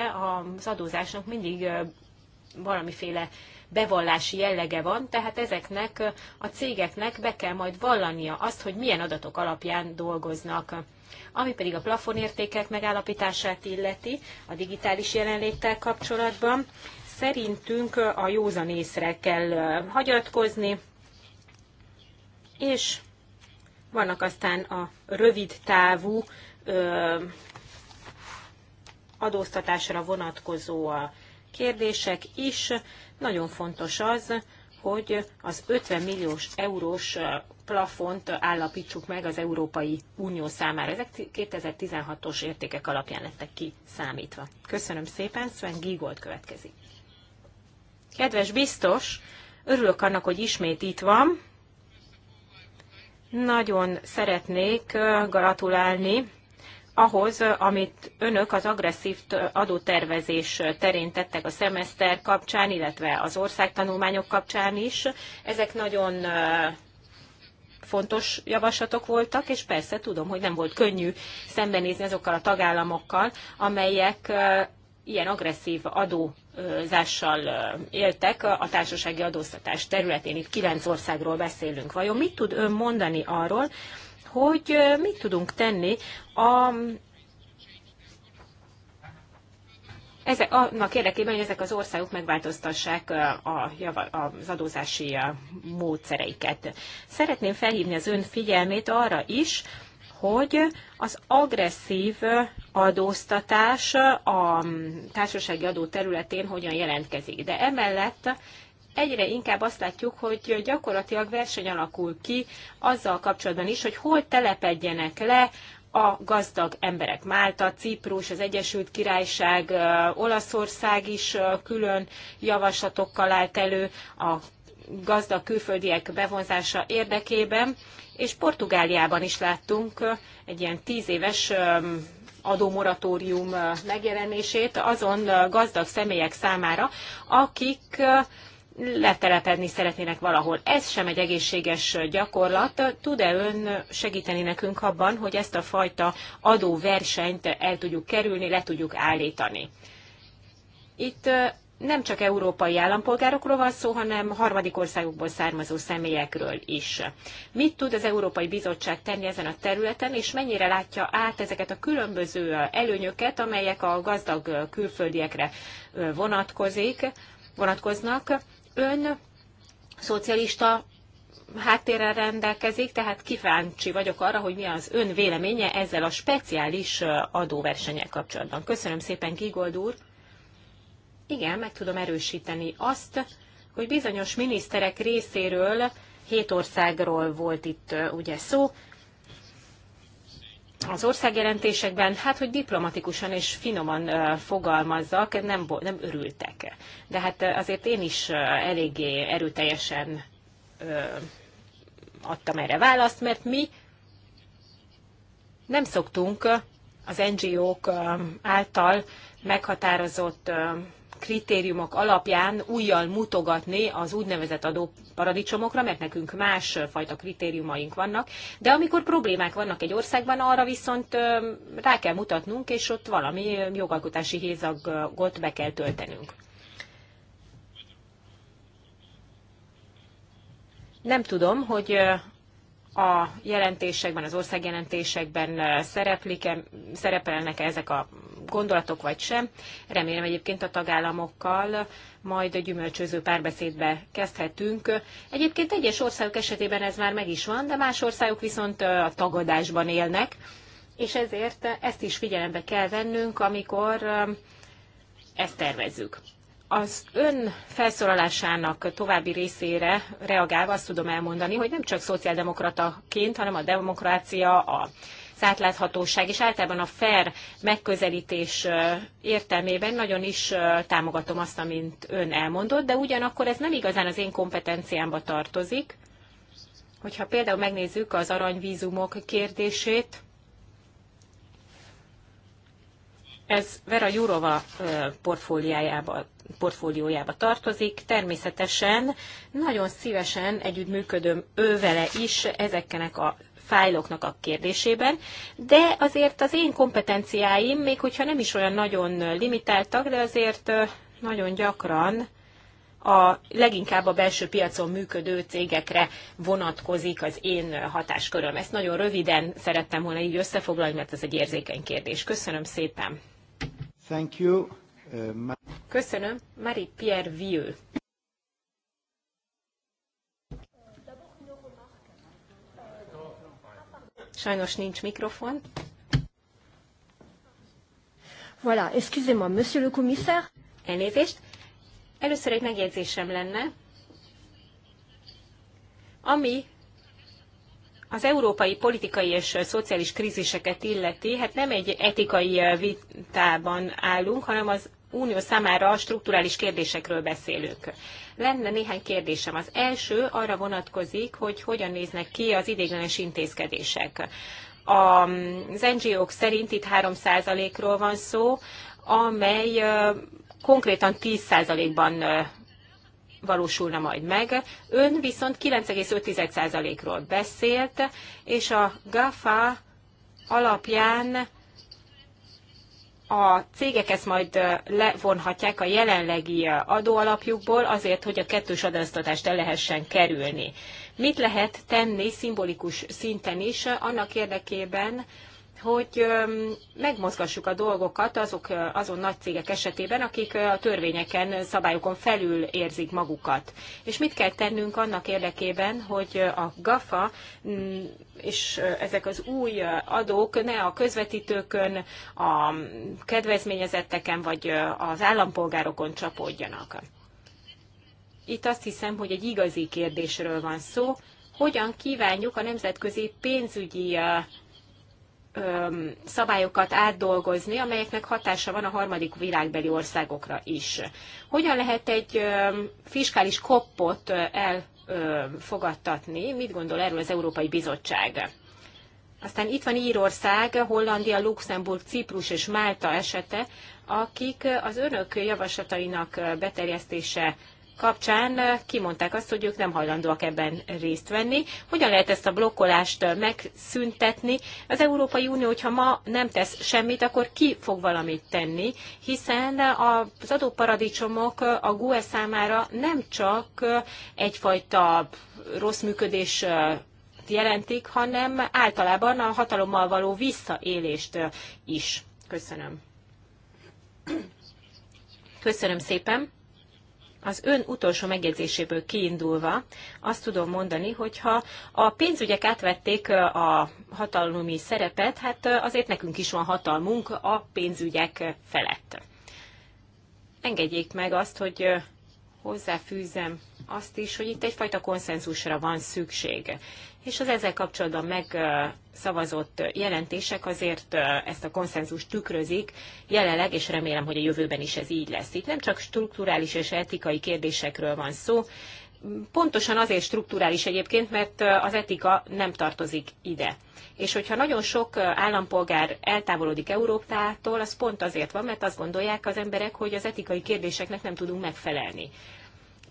az adózásnak mindig valamiféle bevallási jellege van, tehát ezeknek a cégeknek be kell majd vallania azt, hogy milyen adatok alapján dolgoznak ami pedig a plafonértékek megállapítását illeti a digitális jelenléttel kapcsolatban, szerintünk a józan észre kell hagyatkozni, és vannak aztán a rövid távú ö, adóztatásra vonatkozó a kérdések is. Nagyon fontos az, hogy az 50 milliós eurós plafont állapítsuk meg az Európai Unió számára. Ezek 2016-os értékek alapján lettek kiszámítva. Köszönöm szépen, Sven Giegold következik. Kedves biztos, örülök annak, hogy ismét itt van. Nagyon szeretnék gratulálni ahhoz, amit önök az agresszív adótervezés terén tettek a szemeszter kapcsán, illetve az országtanulmányok kapcsán is. Ezek nagyon fontos javaslatok voltak, és persze tudom, hogy nem volt könnyű szembenézni azokkal a tagállamokkal, amelyek ilyen agresszív adózással éltek a társasági adóztatás területén. Itt kilenc országról beszélünk. Vajon mit tud ön mondani arról, hogy mit tudunk tenni a ezek, annak érdekében, hogy ezek az országok megváltoztassák a, az adózási módszereiket. Szeretném felhívni az ön figyelmét arra is, hogy az agresszív adóztatás a társasági adó területén hogyan jelentkezik. De emellett egyre inkább azt látjuk, hogy gyakorlatilag verseny alakul ki azzal kapcsolatban is, hogy hol telepedjenek le a gazdag emberek. Málta, Ciprus, az Egyesült Királyság, Olaszország is külön javaslatokkal állt elő a gazdag külföldiek bevonzása érdekében, és Portugáliában is láttunk egy ilyen tíz éves adómoratórium megjelenését azon gazdag személyek számára, akik letelepedni szeretnének valahol. Ez sem egy egészséges gyakorlat. Tud-e ön segíteni nekünk abban, hogy ezt a fajta adóversenyt el tudjuk kerülni, le tudjuk állítani? Itt nem csak európai állampolgárokról van szó, hanem harmadik országokból származó személyekről is. Mit tud az Európai Bizottság tenni ezen a területen, és mennyire látja át ezeket a különböző előnyöket, amelyek a gazdag külföldiekre vonatkozik, vonatkoznak, Ön szocialista háttérrel rendelkezik, tehát kíváncsi vagyok arra, hogy mi az ön véleménye ezzel a speciális adóversenyel kapcsolatban. Köszönöm szépen, Gigold úr. Igen, meg tudom erősíteni azt, hogy bizonyos miniszterek részéről hét országról volt itt ugye szó, az országjelentésekben, hát hogy diplomatikusan és finoman fogalmazzak, nem, nem örültek. De hát azért én is eléggé erőteljesen adtam erre választ, mert mi nem szoktunk az NGO-k által meghatározott kritériumok alapján újjal mutogatni az úgynevezett adóparadicsomokra, mert nekünk más fajta kritériumaink vannak, de amikor problémák vannak egy országban, arra viszont rá kell mutatnunk, és ott valami jogalkotási hézagot be kell töltenünk. Nem tudom, hogy a jelentésekben, az országjelentésekben szereplik -e, szerepelnek -e ezek a gondolatok vagy sem. Remélem egyébként a tagállamokkal majd a gyümölcsöző párbeszédbe kezdhetünk. Egyébként egyes országok esetében ez már meg is van, de más országok viszont a tagadásban élnek, és ezért ezt is figyelembe kell vennünk, amikor ezt tervezzük. Az ön felszólalásának további részére reagálva azt tudom elmondani, hogy nem csak szociáldemokrataként, hanem a demokrácia, a az átláthatóság és általában a fair megközelítés értelmében nagyon is támogatom azt, amint ön elmondott, de ugyanakkor ez nem igazán az én kompetenciámba tartozik. Hogyha például megnézzük az aranyvízumok kérdését, ez Vera Jurova portfóliájába, portfóliójába tartozik. Természetesen nagyon szívesen együttműködöm ővele is ezeknek a fájloknak a kérdésében, de azért az én kompetenciáim, még hogyha nem is olyan nagyon limitáltak, de azért nagyon gyakran a leginkább a belső piacon működő cégekre vonatkozik az én hatásköröm. Ezt nagyon röviden szerettem volna így összefoglalni, mert ez egy érzékeny kérdés. Köszönöm szépen. Thank you. Uh, Köszönöm. Marie-Pierre Vieux. Sajnos nincs mikrofon. Voilà, excusez-moi, monsieur le commissaire. Elnézést. Először egy megjegyzésem lenne, ami az európai politikai és szociális kríziseket illeti, hát nem egy etikai vitában állunk, hanem az Unió számára strukturális kérdésekről beszélünk. Lenne néhány kérdésem. Az első arra vonatkozik, hogy hogyan néznek ki az idéglenes intézkedések. Az NGO-k szerint itt 3%-ról van szó, amely konkrétan 10%-ban valósulna majd meg. Ön viszont 9,5%-ról beszélt, és a GAFA alapján a cégek ezt majd levonhatják a jelenlegi adóalapjukból azért, hogy a kettős adóztatást el lehessen kerülni. Mit lehet tenni szimbolikus szinten is annak érdekében, hogy megmozgassuk a dolgokat azok, azon nagy cégek esetében, akik a törvényeken, szabályokon felül érzik magukat. És mit kell tennünk annak érdekében, hogy a GAFA mm, és ezek az új adók ne a közvetítőkön, a kedvezményezetteken vagy az állampolgárokon csapódjanak. Itt azt hiszem, hogy egy igazi kérdésről van szó, hogyan kívánjuk a nemzetközi pénzügyi szabályokat átdolgozni, amelyeknek hatása van a harmadik világbeli országokra is. Hogyan lehet egy fiskális koppot elfogadtatni? Mit gondol erről az Európai Bizottság? Aztán itt van Írország, Hollandia, Luxemburg, Ciprus és Málta esete, akik az önök javaslatainak beterjesztése kapcsán eh, kimondták azt, hogy ők nem hajlandóak ebben részt venni. Hogyan lehet ezt a blokkolást eh, megszüntetni? Az Európai Unió, hogyha ma nem tesz semmit, akkor ki fog valamit tenni, hiszen az adóparadicsomok eh, a GUE számára nem csak egyfajta rossz működés jelentik, hanem általában a hatalommal való visszaélést is. Köszönöm. Köszönöm szépen az ön utolsó megjegyzéséből kiindulva azt tudom mondani, hogyha a pénzügyek átvették a hatalmi szerepet, hát azért nekünk is van hatalmunk a pénzügyek felett. Engedjék meg azt, hogy hozzáfűzzem azt is, hogy itt egyfajta konszenzusra van szükség. És az ezzel kapcsolatban meg szavazott jelentések azért ezt a konszenzust tükrözik jelenleg, és remélem, hogy a jövőben is ez így lesz. Itt nem csak strukturális és etikai kérdésekről van szó, pontosan azért strukturális egyébként, mert az etika nem tartozik ide. És hogyha nagyon sok állampolgár eltávolodik Európától, az pont azért van, mert azt gondolják az emberek, hogy az etikai kérdéseknek nem tudunk megfelelni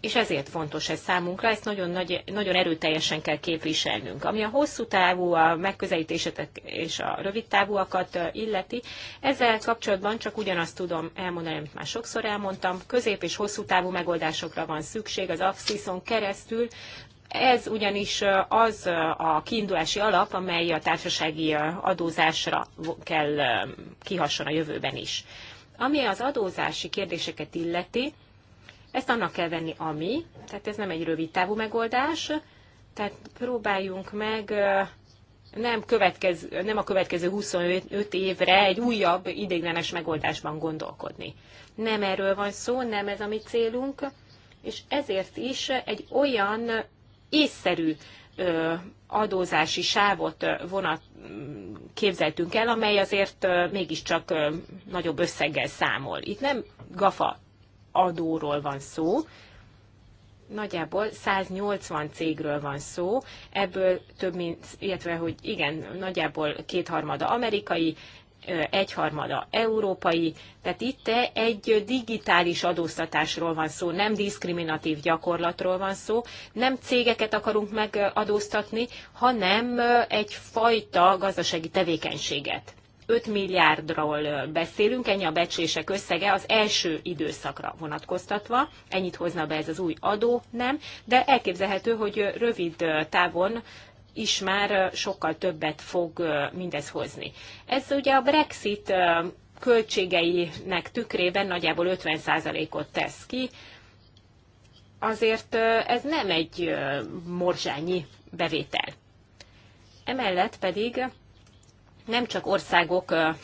és ezért fontos ez számunkra, ezt nagyon, nagy, nagyon erőteljesen kell képviselnünk. Ami a hosszú távú a megközelítéseket és a rövid távúakat illeti, ezzel kapcsolatban csak ugyanazt tudom elmondani, amit már sokszor elmondtam, közép és hosszú távú megoldásokra van szükség az absziszon keresztül, ez ugyanis az a kiindulási alap, amely a társasági adózásra kell kihasson a jövőben is. Ami az adózási kérdéseket illeti, ezt annak kell venni, ami, tehát ez nem egy rövid távú megoldás, tehát próbáljunk meg nem, következő, nem a következő 25 évre egy újabb ideiglenes megoldásban gondolkodni. Nem erről van szó, nem ez a mi célunk, és ezért is egy olyan észszerű adózási sávot vonat mm, képzeltünk el, amely azért mégiscsak nagyobb összeggel számol. Itt nem gafa adóról van szó, nagyjából 180 cégről van szó, ebből több mint, illetve hogy igen, nagyjából kétharmada amerikai, egyharmada európai, tehát itt egy digitális adóztatásról van szó, nem diszkriminatív gyakorlatról van szó, nem cégeket akarunk megadóztatni, hanem egyfajta gazdasági tevékenységet. 5 milliárdról beszélünk, ennyi a becslések összege az első időszakra vonatkoztatva, ennyit hozna be ez az új adó, nem, de elképzelhető, hogy rövid távon is már sokkal többet fog mindez hozni. Ez ugye a Brexit költségeinek tükrében nagyjából 50%-ot tesz ki, azért ez nem egy morzsányi bevétel. Emellett pedig nem csak országokat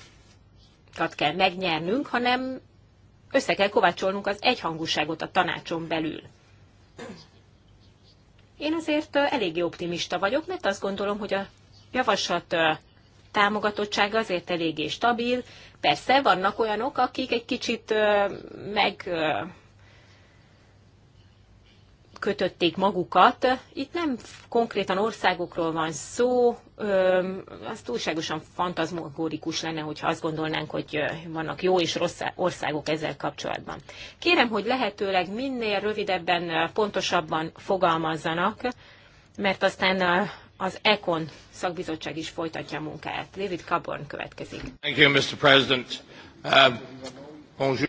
kell megnyernünk, hanem össze kell kovácsolnunk az egyhangúságot a tanácson belül. Én azért eléggé optimista vagyok, mert azt gondolom, hogy a javaslat támogatottsága azért eléggé stabil. Persze vannak olyanok, akik egy kicsit meg kötötték magukat. Itt nem konkrétan országokról van szó, az túlságosan fantazmogórikus lenne, hogyha azt gondolnánk, hogy vannak jó és rossz országok ezzel kapcsolatban. Kérem, hogy lehetőleg minél rövidebben, pontosabban fogalmazzanak, mert aztán az ECON szakbizottság is folytatja a munkáját. David Caborn következik. Thank you, Mr. President. Uh,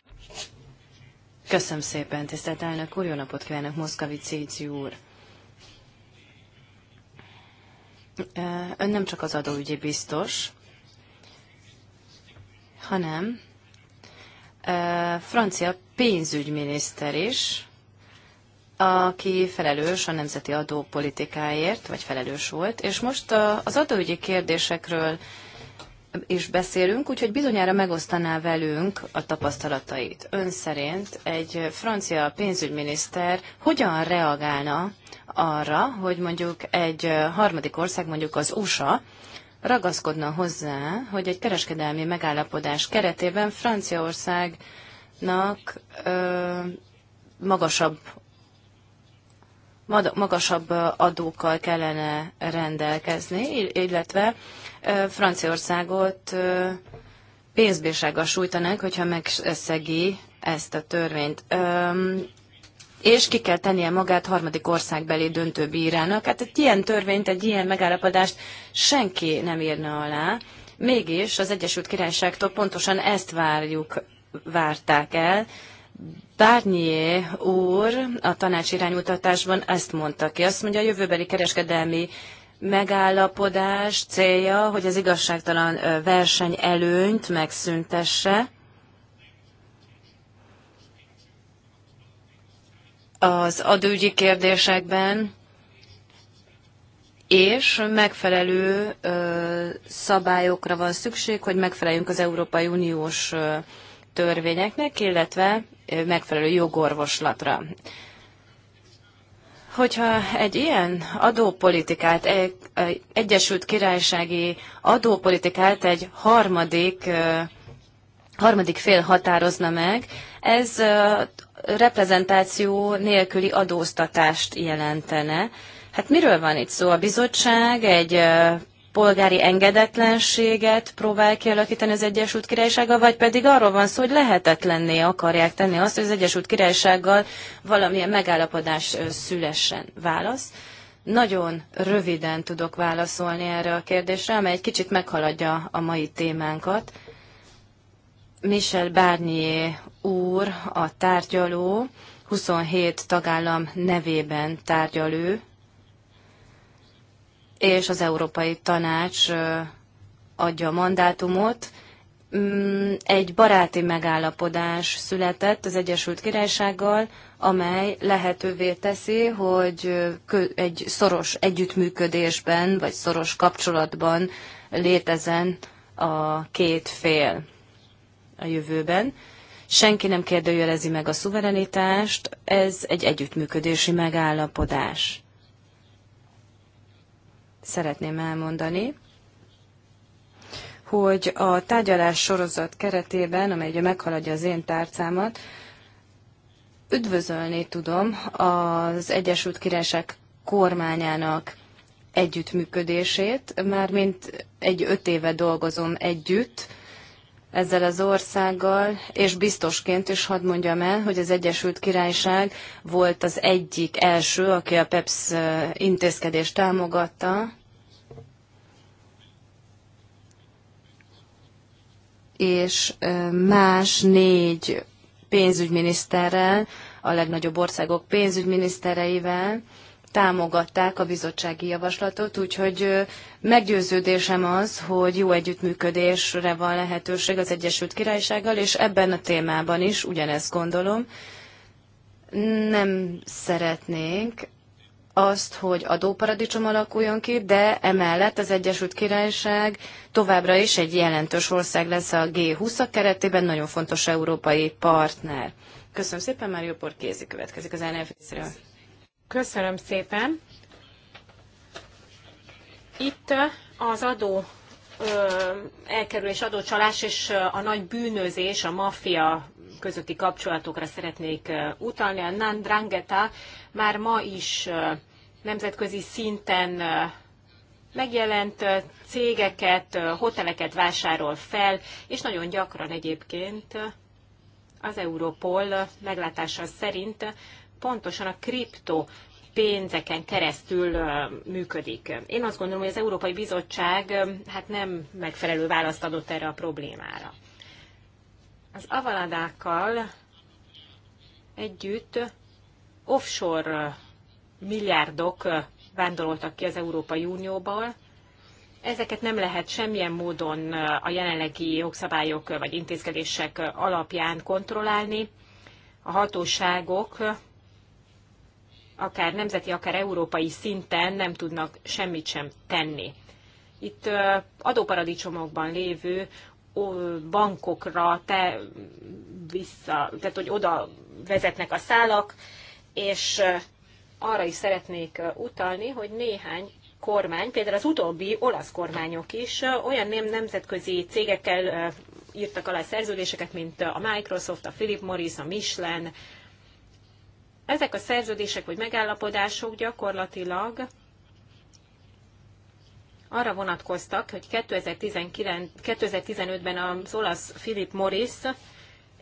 Köszönöm szépen, tisztelt elnök úr, jó napot kívánok, Moszkavici úr. Ön nem csak az adóügyi biztos, hanem francia pénzügyminiszter is, aki felelős a nemzeti adópolitikáért, vagy felelős volt, és most az adóügyi kérdésekről is beszélünk, úgyhogy bizonyára megosztaná velünk a tapasztalatait. Ön szerint egy francia pénzügyminiszter hogyan reagálna arra, hogy mondjuk egy harmadik ország, mondjuk az USA, ragaszkodna hozzá, hogy egy kereskedelmi megállapodás keretében Franciaországnak ö, magasabb magasabb adókkal kellene rendelkezni, illetve Franciaországot pénzbírsággal sújtanák, hogyha megszegi ezt a törvényt. És ki kell tennie magát harmadik országbeli döntőbírának. Hát egy ilyen törvényt, egy ilyen megállapodást senki nem írna alá. Mégis az Egyesült Királyságtól pontosan ezt várjuk, várták el, Barnier úr a tanács irányutatásban ezt mondta ki. Azt mondja, a jövőbeli kereskedelmi megállapodás célja, hogy az igazságtalan verseny előnyt megszüntesse. az adőgyi kérdésekben, és megfelelő szabályokra van szükség, hogy megfeleljünk az Európai Uniós törvényeknek, illetve megfelelő jogorvoslatra. Hogyha egy ilyen adópolitikát, egy Egyesült Királysági adópolitikát egy harmadik, harmadik fél határozna meg, ez reprezentáció nélküli adóztatást jelentene. Hát miről van itt szó? A bizottság egy polgári engedetlenséget próbál kialakítani az Egyesült Királysággal, vagy pedig arról van szó, hogy lehetetlenné akarják tenni azt, hogy az Egyesült Királysággal valamilyen megállapodás szülessen. Válasz. Nagyon röviden tudok válaszolni erre a kérdésre, amely egy kicsit meghaladja a mai témánkat. Michel Barnier úr, a tárgyaló, 27 tagállam nevében tárgyal ő, és az Európai Tanács adja a mandátumot. Mm, egy baráti megállapodás született az Egyesült Királysággal, amely lehetővé teszi, hogy egy szoros együttműködésben vagy szoros kapcsolatban létezen a két fél a jövőben. Senki nem kérdőjelezi meg a szuverenitást, ez egy együttműködési megállapodás szeretném elmondani, hogy a tárgyalás sorozat keretében, amely ugye meghaladja az én tárcámat, üdvözölni tudom az Egyesült Királyság kormányának együttműködését, már mint egy öt éve dolgozom együtt ezzel az országgal, és biztosként is hadd mondjam el, hogy az Egyesült Királyság volt az egyik első, aki a PEPS intézkedést támogatta, és más négy pénzügyminiszterrel, a legnagyobb országok pénzügyminisztereivel támogatták a bizottsági javaslatot, úgyhogy meggyőződésem az, hogy jó együttműködésre van lehetőség az Egyesült Királysággal, és ebben a témában is ugyanezt gondolom. Nem szeretnénk azt, hogy adóparadicsom alakuljon ki, de emellett az Egyesült Királyság továbbra is egy jelentős ország lesz a G20-ak keretében, nagyon fontos európai partner. Köszönöm szépen, Mário Kézi következik az NFS-ről. Köszönöm szépen. Itt az adó elkerülés, adócsalás és a nagy bűnözés, a maffia közötti kapcsolatokra szeretnék utalni. A Nandrangeta már ma is nemzetközi szinten megjelent cégeket, hoteleket vásárol fel, és nagyon gyakran egyébként az Europol meglátása szerint pontosan a kripto pénzeken keresztül működik. Én azt gondolom, hogy az Európai Bizottság hát nem megfelelő választ adott erre a problémára. Az avaladákkal együtt offshore milliárdok vándoroltak ki az Európai Unióból. Ezeket nem lehet semmilyen módon a jelenlegi jogszabályok vagy intézkedések alapján kontrollálni. A hatóságok akár nemzeti, akár európai szinten nem tudnak semmit sem tenni. Itt adóparadicsomokban lévő bankokra te vissza, tehát hogy oda vezetnek a szálak, és arra is szeretnék utalni, hogy néhány kormány, például az utóbbi olasz kormányok is olyan nem nemzetközi cégekkel írtak alá szerződéseket, mint a Microsoft, a Philip Morris, a Michelin. Ezek a szerződések vagy megállapodások gyakorlatilag arra vonatkoztak, hogy 2015-ben az olasz Philip Morris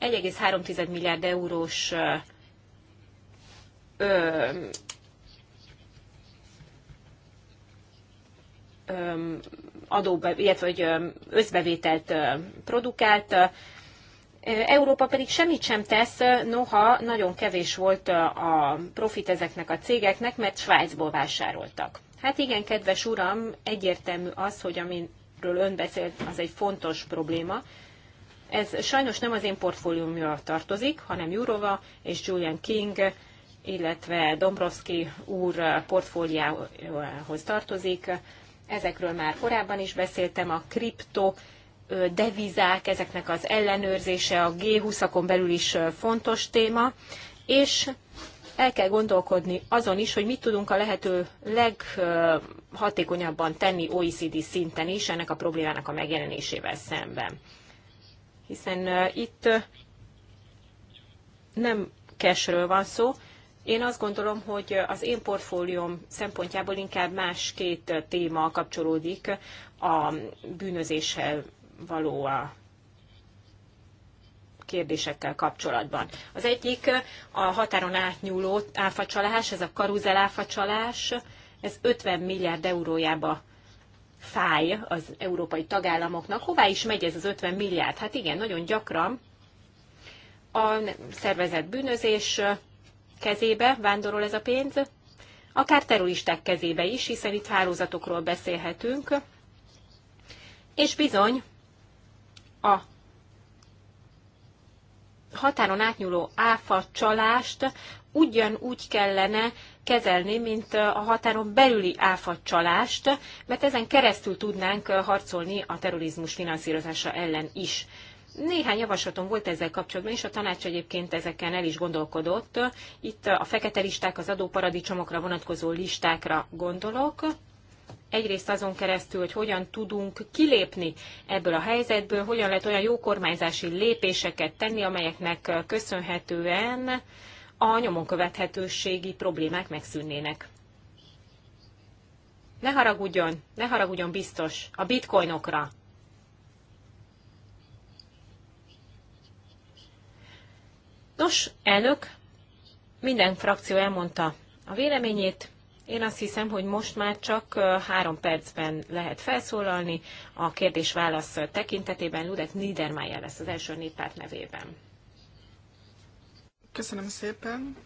1,3 milliárd eurós ö, adóba, illetve hogy összbevételt produkált. Európa pedig semmit sem tesz, noha nagyon kevés volt a profit ezeknek a cégeknek, mert Svájcból vásároltak. Hát igen, kedves uram, egyértelmű az, hogy amiről ön beszélt, az egy fontos probléma. Ez sajnos nem az én portfóliómra tartozik, hanem Jurova és Julian King illetve Dombrovski úr portfóliához tartozik. Ezekről már korábban is beszéltem, a kripto devizák, ezeknek az ellenőrzése a G20-akon belül is fontos téma, és el kell gondolkodni azon is, hogy mit tudunk a lehető leghatékonyabban tenni OECD szinten is ennek a problémának a megjelenésével szemben. Hiszen itt nem cashről van szó, én azt gondolom, hogy az én portfólióm szempontjából inkább más két téma kapcsolódik a bűnözéssel való a kérdésekkel kapcsolatban. Az egyik a határon átnyúló áfacsalás, ez a karuzel áfacsalás, ez 50 milliárd eurójába fáj az európai tagállamoknak. Hová is megy ez az 50 milliárd? Hát igen, nagyon gyakran a szervezett bűnözés kezébe vándorol ez a pénz, akár terroristák kezébe is, hiszen itt hálózatokról beszélhetünk. És bizony a határon átnyúló áfa csalást ugyanúgy kellene kezelni, mint a határon belüli áfa csalást, mert ezen keresztül tudnánk harcolni a terrorizmus finanszírozása ellen is. Néhány javaslatom volt ezzel kapcsolatban, és a tanács egyébként ezeken el is gondolkodott. Itt a fekete listák, az adóparadicsomokra vonatkozó listákra gondolok. Egyrészt azon keresztül, hogy hogyan tudunk kilépni ebből a helyzetből, hogyan lehet olyan jó kormányzási lépéseket tenni, amelyeknek köszönhetően a nyomon követhetőségi problémák megszűnnének. Ne haragudjon, ne haragudjon biztos a bitcoinokra, Nos, elnök, minden frakció elmondta a véleményét. Én azt hiszem, hogy most már csak három percben lehet felszólalni. A kérdés-válasz tekintetében Ludek Niedermayer lesz az első néppárt nevében. Köszönöm szépen.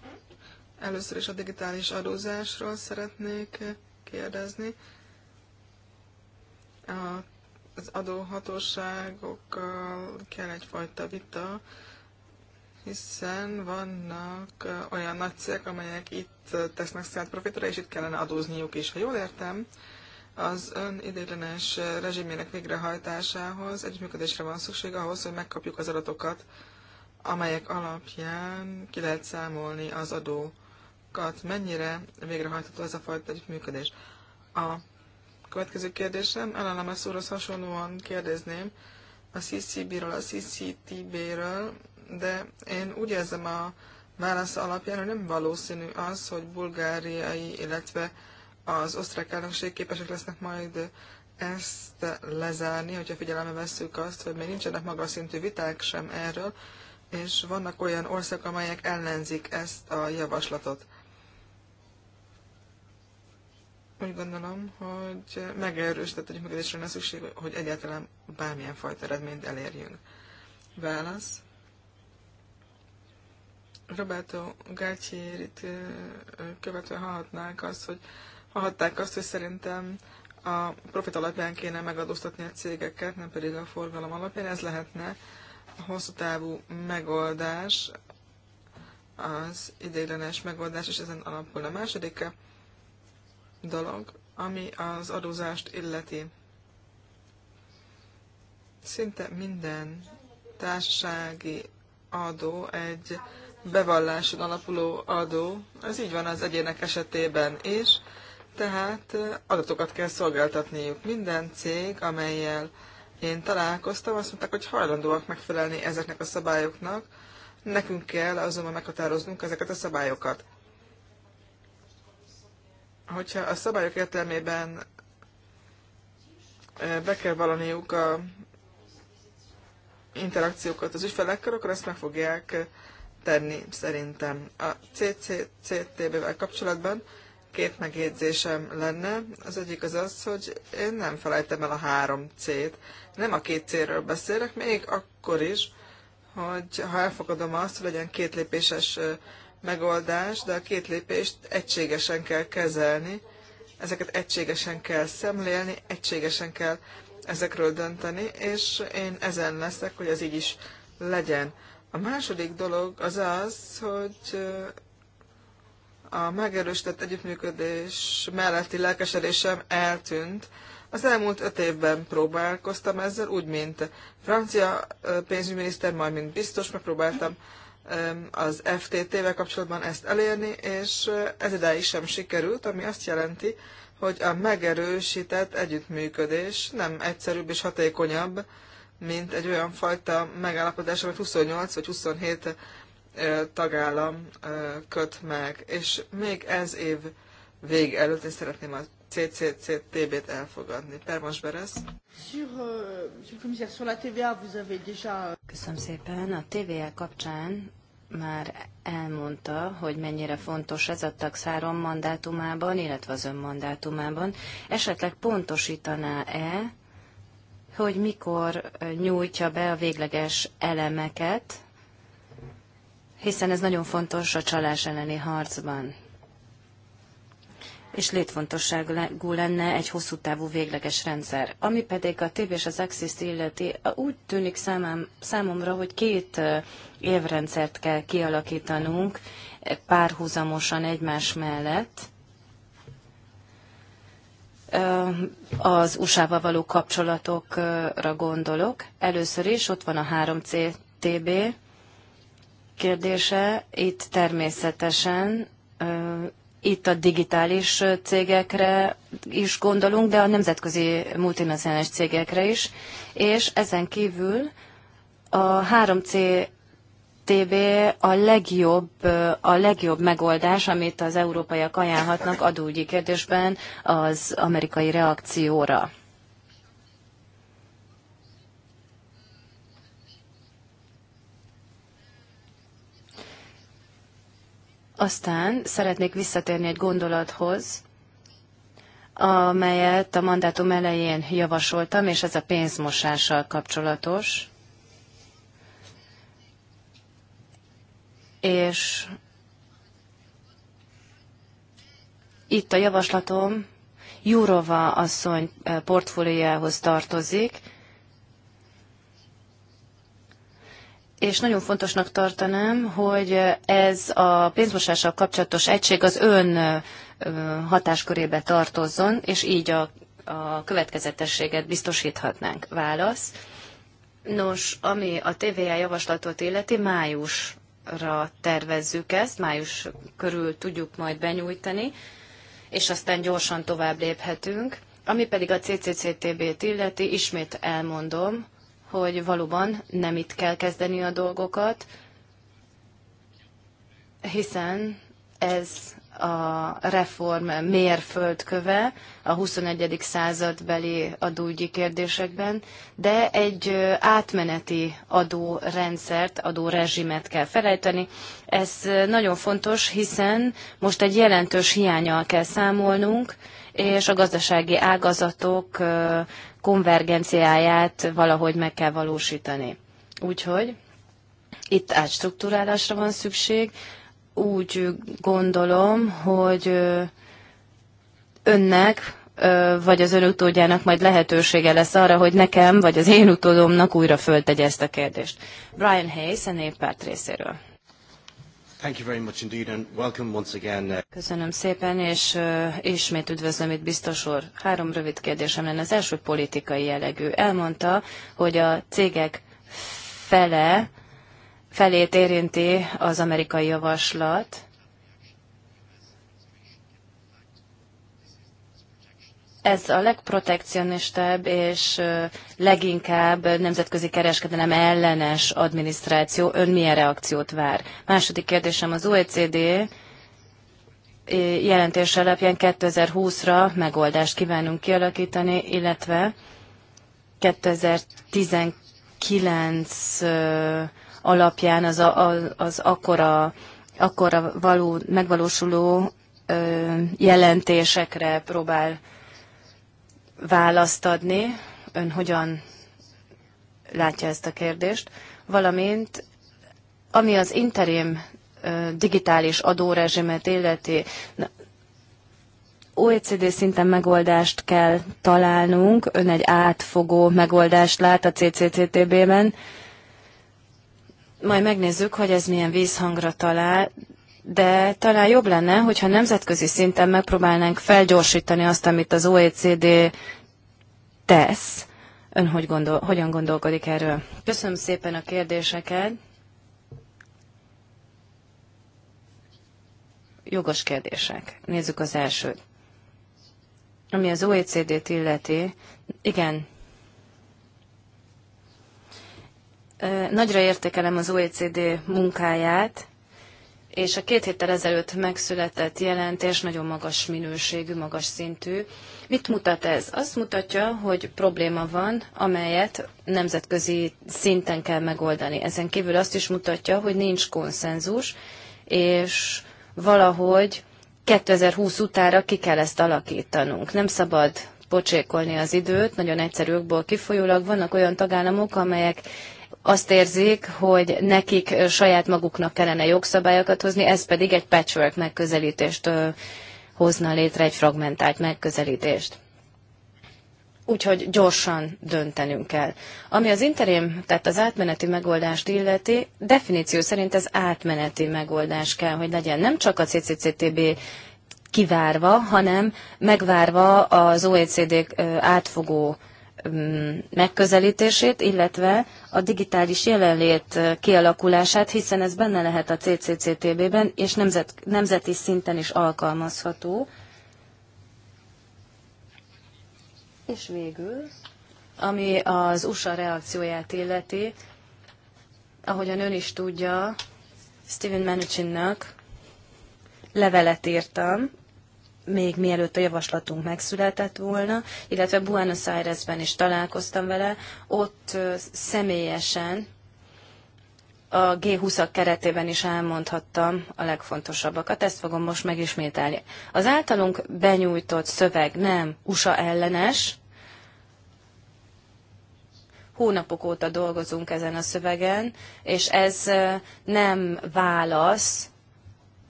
Először is a digitális adózásról szeretnék kérdezni. az adóhatóságokkal kell egyfajta vita hiszen vannak olyan nagy cégek, amelyek itt tesznek szállt profitra, és itt kellene adózniuk is. Ha jól értem, az ön idéglenes rezsimének végrehajtásához együttműködésre van szükség ahhoz, hogy megkapjuk az adatokat, amelyek alapján ki lehet számolni az adókat. Mennyire végrehajtható ez a fajta együttműködés? A következő kérdésem, ellenemes úrhoz hasonlóan kérdezném, a CCB-ről, a CCTB-ről de én úgy érzem a válasz alapján, hogy nem valószínű az, hogy bulgáriai, illetve az osztrák elnökség képesek lesznek majd ezt lezárni, hogyha figyelembe veszük azt, hogy még nincsenek magas szintű viták sem erről, és vannak olyan országok, amelyek ellenzik ezt a javaslatot. Úgy gondolom, hogy megerősített együttműködésre lenne szükség, hogy egyáltalán bármilyen fajta eredményt elérjünk. Válasz. Roberto Gátyérit követve hallhatnák azt, hogy hallhatták azt, hogy szerintem a profit alapján kéne megadóztatni a cégeket, nem pedig a forgalom alapján. Ez lehetne a hosszú távú megoldás, az ideiglenes megoldás, és ezen alapul a második dolog, ami az adózást illeti. Szinte minden társasági adó egy bevalláson alapuló adó, ez így van az egyének esetében is, tehát eh, adatokat kell szolgáltatniuk. Minden cég, amelyel én találkoztam, azt mondták, hogy hajlandóak megfelelni ezeknek a szabályoknak, nekünk kell azonban meghatároznunk ezeket a szabályokat. Hogyha a szabályok értelmében eh, be kell valaniuk a interakciókat az ügyfelekkel, akkor ezt meg fogják eh, tenni szerintem. A CCCTB-vel kapcsolatban két megjegyzésem lenne. Az egyik az az, hogy én nem felejtem el a három C-t. Nem a két C-ről beszélek, még akkor is, hogy ha elfogadom azt, hogy legyen két lépéses megoldás, de a két lépést egységesen kell kezelni, ezeket egységesen kell szemlélni, egységesen kell ezekről dönteni, és én ezen leszek, hogy ez így is legyen. A második dolog az az, hogy a megerősített együttműködés melletti lelkesedésem eltűnt. Az elmúlt öt évben próbálkoztam ezzel, úgy, mint francia pénzügyminiszter, majd mint biztos, megpróbáltam az FTT-vel kapcsolatban ezt elérni, és ez idáig sem sikerült, ami azt jelenti, hogy a megerősített együttműködés nem egyszerűbb és hatékonyabb, mint egy olyan fajta megállapodás, amit 28 vagy 27 tagállam köt meg. És még ez év vég előtt én szeretném a CCCTB-t elfogadni. Permas Beres. Köszönöm szépen. A TVA kapcsán már elmondta, hogy mennyire fontos ez a tagszáron mandátumában, illetve az önmandátumában. Esetleg pontosítaná-e, hogy mikor nyújtja be a végleges elemeket, hiszen ez nagyon fontos a csalás elleni harcban. És létfontosságú lenne egy hosszú távú végleges rendszer. Ami pedig a TV és az axis illeti, úgy tűnik számám, számomra, hogy két évrendszert kell kialakítanunk párhuzamosan egymás mellett, az USA-val való kapcsolatokra gondolok. Először is ott van a 3CTB kérdése. Itt természetesen itt a digitális cégekre is gondolunk, de a nemzetközi multinacionális cégekre is, és ezen kívül a 3C TB a legjobb, a legjobb megoldás, amit az európaiak ajánlhatnak adógyi kérdésben az amerikai reakcióra. Aztán szeretnék visszatérni egy gondolathoz, amelyet a mandátum elején javasoltam, és ez a pénzmosással kapcsolatos. és itt a javaslatom Jurova asszony eh, portfóliójához tartozik, és nagyon fontosnak tartanám, hogy ez a pénzmosással kapcsolatos egység az ön eh, hatáskörébe tartozzon, és így a, a következetességet biztosíthatnánk. Válasz. Nos, ami a TVA javaslatot illeti, május májusra tervezzük ezt, május körül tudjuk majd benyújtani, és aztán gyorsan tovább léphetünk. Ami pedig a CCCTB-t illeti, ismét elmondom, hogy valóban nem itt kell kezdeni a dolgokat, hiszen ez a reform mérföldköve a 21. századbeli adóügyi kérdésekben, de egy átmeneti adórendszert, adórezsimet kell felejteni. Ez nagyon fontos, hiszen most egy jelentős hiányal kell számolnunk, és a gazdasági ágazatok konvergenciáját valahogy meg kell valósítani. Úgyhogy itt átstruktúrálásra van szükség, úgy gondolom, hogy önnek vagy az ön utódjának majd lehetősége lesz arra, hogy nekem, vagy az én utódomnak újra föltegye ezt a kérdést. Brian Hayes, a néppárt részéről. Thank you very much indeed, and welcome once again. Uh, Köszönöm szépen, és uh, ismét üdvözlöm itt biztos úr. Három rövid kérdésem lenne. Az első politikai jellegű. Elmondta, hogy a cégek fele felét érinti az amerikai javaslat. Ez a legprotekcionistább és leginkább nemzetközi kereskedelem ellenes adminisztráció. Ön milyen reakciót vár? Második kérdésem az OECD jelentés alapján 2020-ra megoldást kívánunk kialakítani, illetve 2019 alapján az, a, az akkora, akkora való, megvalósuló ö, jelentésekre próbál választ adni. Ön hogyan látja ezt a kérdést? Valamint, ami az interim digitális adórezsimet illeti, OECD szinten megoldást kell találnunk, ön egy átfogó megoldást lát a CCCTB-ben, majd megnézzük, hogy ez milyen vízhangra talál, de talán jobb lenne, hogyha nemzetközi szinten megpróbálnánk felgyorsítani azt, amit az OECD tesz. Ön hogy gondol, hogyan gondolkodik erről? Köszönöm szépen a kérdéseket. Jogos kérdések. Nézzük az elsőt. Ami az OECD-t illeti, igen, Nagyra értékelem az OECD munkáját, és a két héttel ezelőtt megszületett jelentés nagyon magas minőségű, magas szintű. Mit mutat ez? Azt mutatja, hogy probléma van, amelyet nemzetközi szinten kell megoldani. Ezen kívül azt is mutatja, hogy nincs konszenzus, és valahogy 2020 utára ki kell ezt alakítanunk. Nem szabad pocsékolni az időt, nagyon egyszerűkból kifolyólag vannak olyan tagállamok, amelyek azt érzik, hogy nekik saját maguknak kellene jogszabályokat hozni, ez pedig egy patchwork megközelítést hozna létre, egy fragmentált megközelítést. Úgyhogy gyorsan döntenünk kell. Ami az interim, tehát az átmeneti megoldást illeti, definíció szerint ez átmeneti megoldás kell, hogy legyen. Nem csak a CCCTB kivárva, hanem megvárva az OECD átfogó Mm, megközelítését, illetve a digitális jelenlét eh, kialakulását, hiszen ez benne lehet a CCCTB-ben, és nemzet, nemzeti szinten is alkalmazható. És végül, ami az USA reakcióját illeti, ahogyan ön is tudja, Steven Mnuchinnak levelet írtam, még mielőtt a javaslatunk megszületett volna, illetve Buenos Airesben is találkoztam vele, ott személyesen a G20-ak keretében is elmondhattam a legfontosabbakat, ezt fogom most megismételni. Az általunk benyújtott szöveg nem USA ellenes, hónapok óta dolgozunk ezen a szövegen, és ez nem válasz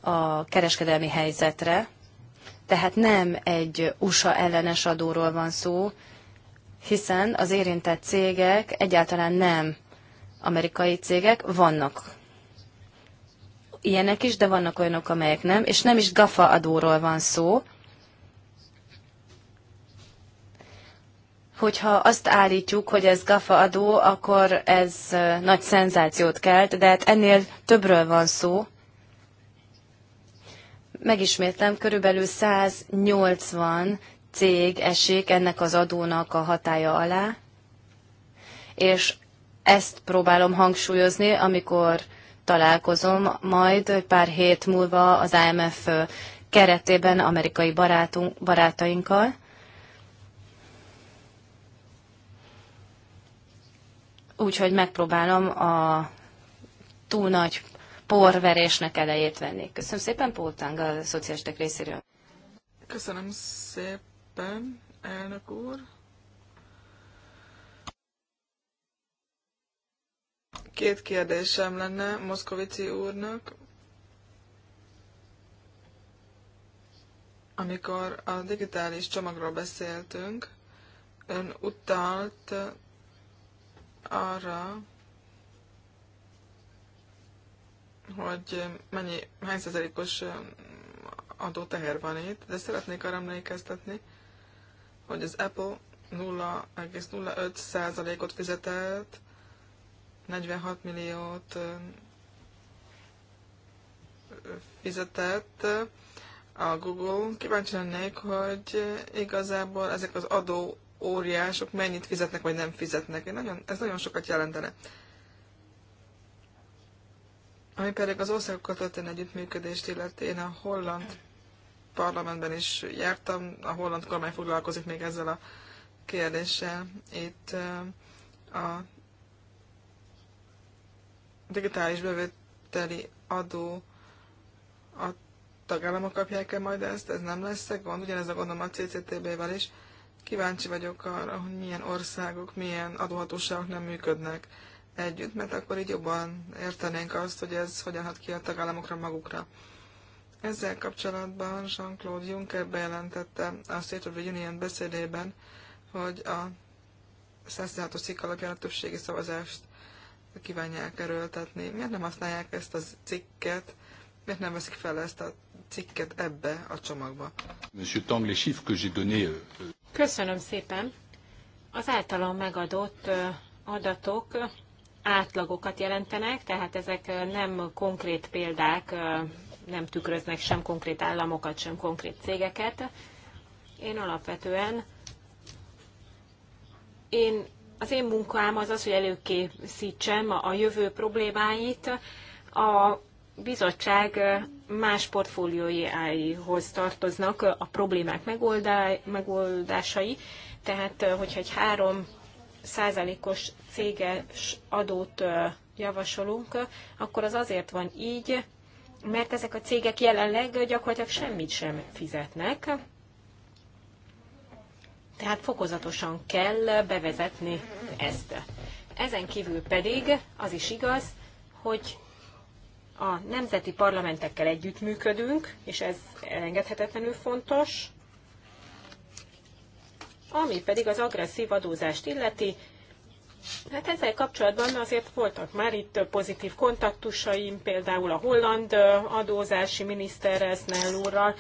a kereskedelmi helyzetre, tehát nem egy USA ellenes adóról van szó, hiszen az érintett cégek egyáltalán nem amerikai cégek, vannak ilyenek is, de vannak olyanok, amelyek nem, és nem is GAFA adóról van szó, hogyha azt állítjuk, hogy ez GAFA adó, akkor ez nagy szenzációt kelt, de hát ennél többről van szó. Megismétlem, körülbelül 180 cég esik ennek az adónak a hatája alá, és ezt próbálom hangsúlyozni, amikor találkozom majd pár hét múlva az IMF keretében amerikai barátunk, barátainkkal. Úgyhogy megpróbálom a túl nagy porverésnek elejét venni. Köszönöm szépen, Póltáng, a szocialisták részéről. Köszönöm szépen, elnök úr. Két kérdésem lenne Moszkovici úrnak. Amikor a digitális csomagról beszéltünk, ön utalt arra, hogy mennyi, hány százalékos adóteher van itt, de szeretnék arra emlékeztetni, hogy az Apple 0,05 százalékot fizetett, 46 milliót fizetett a Google. Kíváncsi lennék, hogy igazából ezek az adó óriások mennyit fizetnek, vagy nem fizetnek. Én nagyon, ez nagyon sokat jelentene. Ami pedig az országokat történő együttműködést illeti, én a holland parlamentben is jártam, a holland kormány foglalkozik még ezzel a kérdéssel. Itt a digitális bevételi adó a tagállamok kapják-e majd ezt, ez nem lesz -e gond, ugyanez a gondom a CCTB-vel is. Kíváncsi vagyok arra, hogy milyen országok, milyen adóhatóságok nem működnek együtt, mert akkor így jobban értenénk azt, hogy ez hogyan hat ki a tagállamokra magukra. Ezzel kapcsolatban Jean-Claude Juncker bejelentette a State of the Union beszédében, hogy a 116-os cikk alapján a többségi szavazást kívánják erőltetni. Miért nem használják ezt a cikket, miért nem veszik fel ezt a cikket ebbe a csomagba? Monsieur Tang, euh, euh. Köszönöm szépen. Az általam megadott adatok átlagokat jelentenek, tehát ezek nem konkrét példák, nem tükröznek sem konkrét államokat, sem konkrét cégeket. Én alapvetően én, az én munkám az az, hogy előkészítsem a jövő problémáit a bizottság más portfóliójához tartoznak a problémák megoldásai, tehát hogyha egy három százalékos céges adót javasolunk, akkor az azért van így, mert ezek a cégek jelenleg gyakorlatilag semmit sem fizetnek, tehát fokozatosan kell bevezetni ezt. Ezen kívül pedig az is igaz, hogy a nemzeti parlamentekkel együttműködünk, és ez elengedhetetlenül fontos, ami pedig az agresszív adózást illeti, Hát ezzel kapcsolatban azért voltak már itt pozitív kontaktusaim, például a holland adózási miniszterrel, Snell úrral,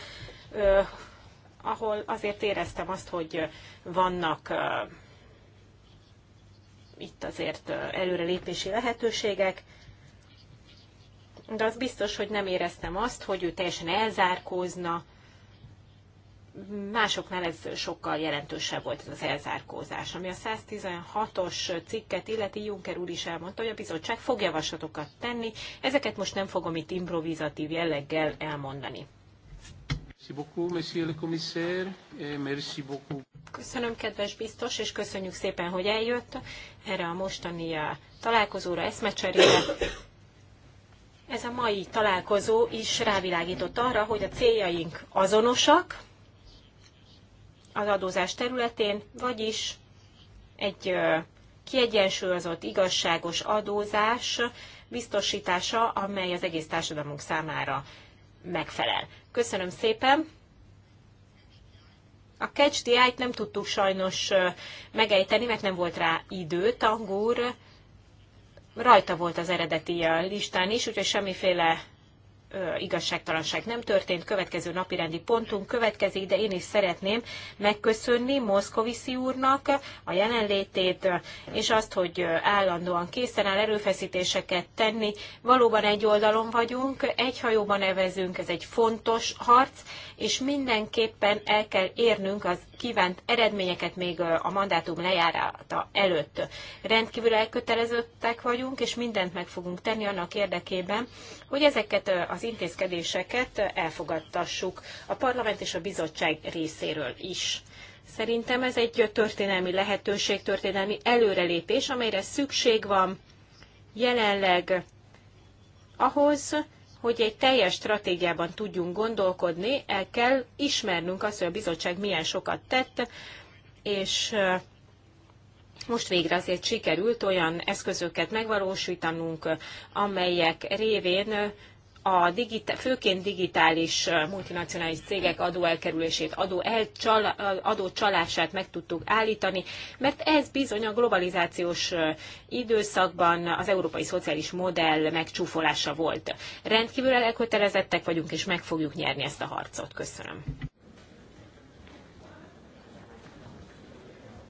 ahol azért éreztem azt, hogy vannak itt azért előrelépési lehetőségek, de az biztos, hogy nem éreztem azt, hogy ő teljesen elzárkózna másoknál ez sokkal jelentősebb volt ez az elzárkózás. Ami a 116-os cikket illeti, Juncker úr is elmondta, hogy a bizottság fog javaslatokat tenni. Ezeket most nem fogom itt improvizatív jelleggel elmondani. Köszönöm, kedves biztos, és köszönjük szépen, hogy eljött erre a mostani eh, találkozóra, eszmecserére. Ez a mai találkozó is rávilágított arra, hogy a céljaink azonosak, az adózás területén, vagyis egy kiegyensúlyozott, igazságos adózás biztosítása, amely az egész társadalmunk számára megfelel. Köszönöm szépen! A Catch the Eye-t nem tudtuk sajnos megejteni, mert nem volt rá idő. Tangúr rajta volt az eredeti listán is, úgyhogy semmiféle igazságtalanság nem történt. Következő napirendi pontunk következik, de én is szeretném megköszönni Moszkoviszi úrnak a jelenlétét, és azt, hogy állandóan készen áll erőfeszítéseket tenni. Valóban egy oldalon vagyunk, egy hajóban nevezünk, ez egy fontos harc, és mindenképpen el kell érnünk az kívánt eredményeket még a mandátum lejárata előtt. Rendkívül elkötelezettek vagyunk, és mindent meg fogunk tenni annak érdekében, hogy ezeket az intézkedéseket elfogadtassuk a parlament és a bizottság részéről is. Szerintem ez egy történelmi lehetőség, történelmi előrelépés, amelyre szükség van jelenleg ahhoz, hogy egy teljes stratégiában tudjunk gondolkodni, el kell ismernünk azt, hogy a bizottság milyen sokat tett, és most végre azért sikerült olyan eszközöket megvalósítanunk, amelyek révén a digita- főként digitális multinacionális cégek adóelkerülését, adó, elcsal, adó csalását meg tudtuk állítani, mert ez bizony a globalizációs időszakban az európai szociális modell megcsúfolása volt. Rendkívül elkötelezettek vagyunk, és meg fogjuk nyerni ezt a harcot. Köszönöm.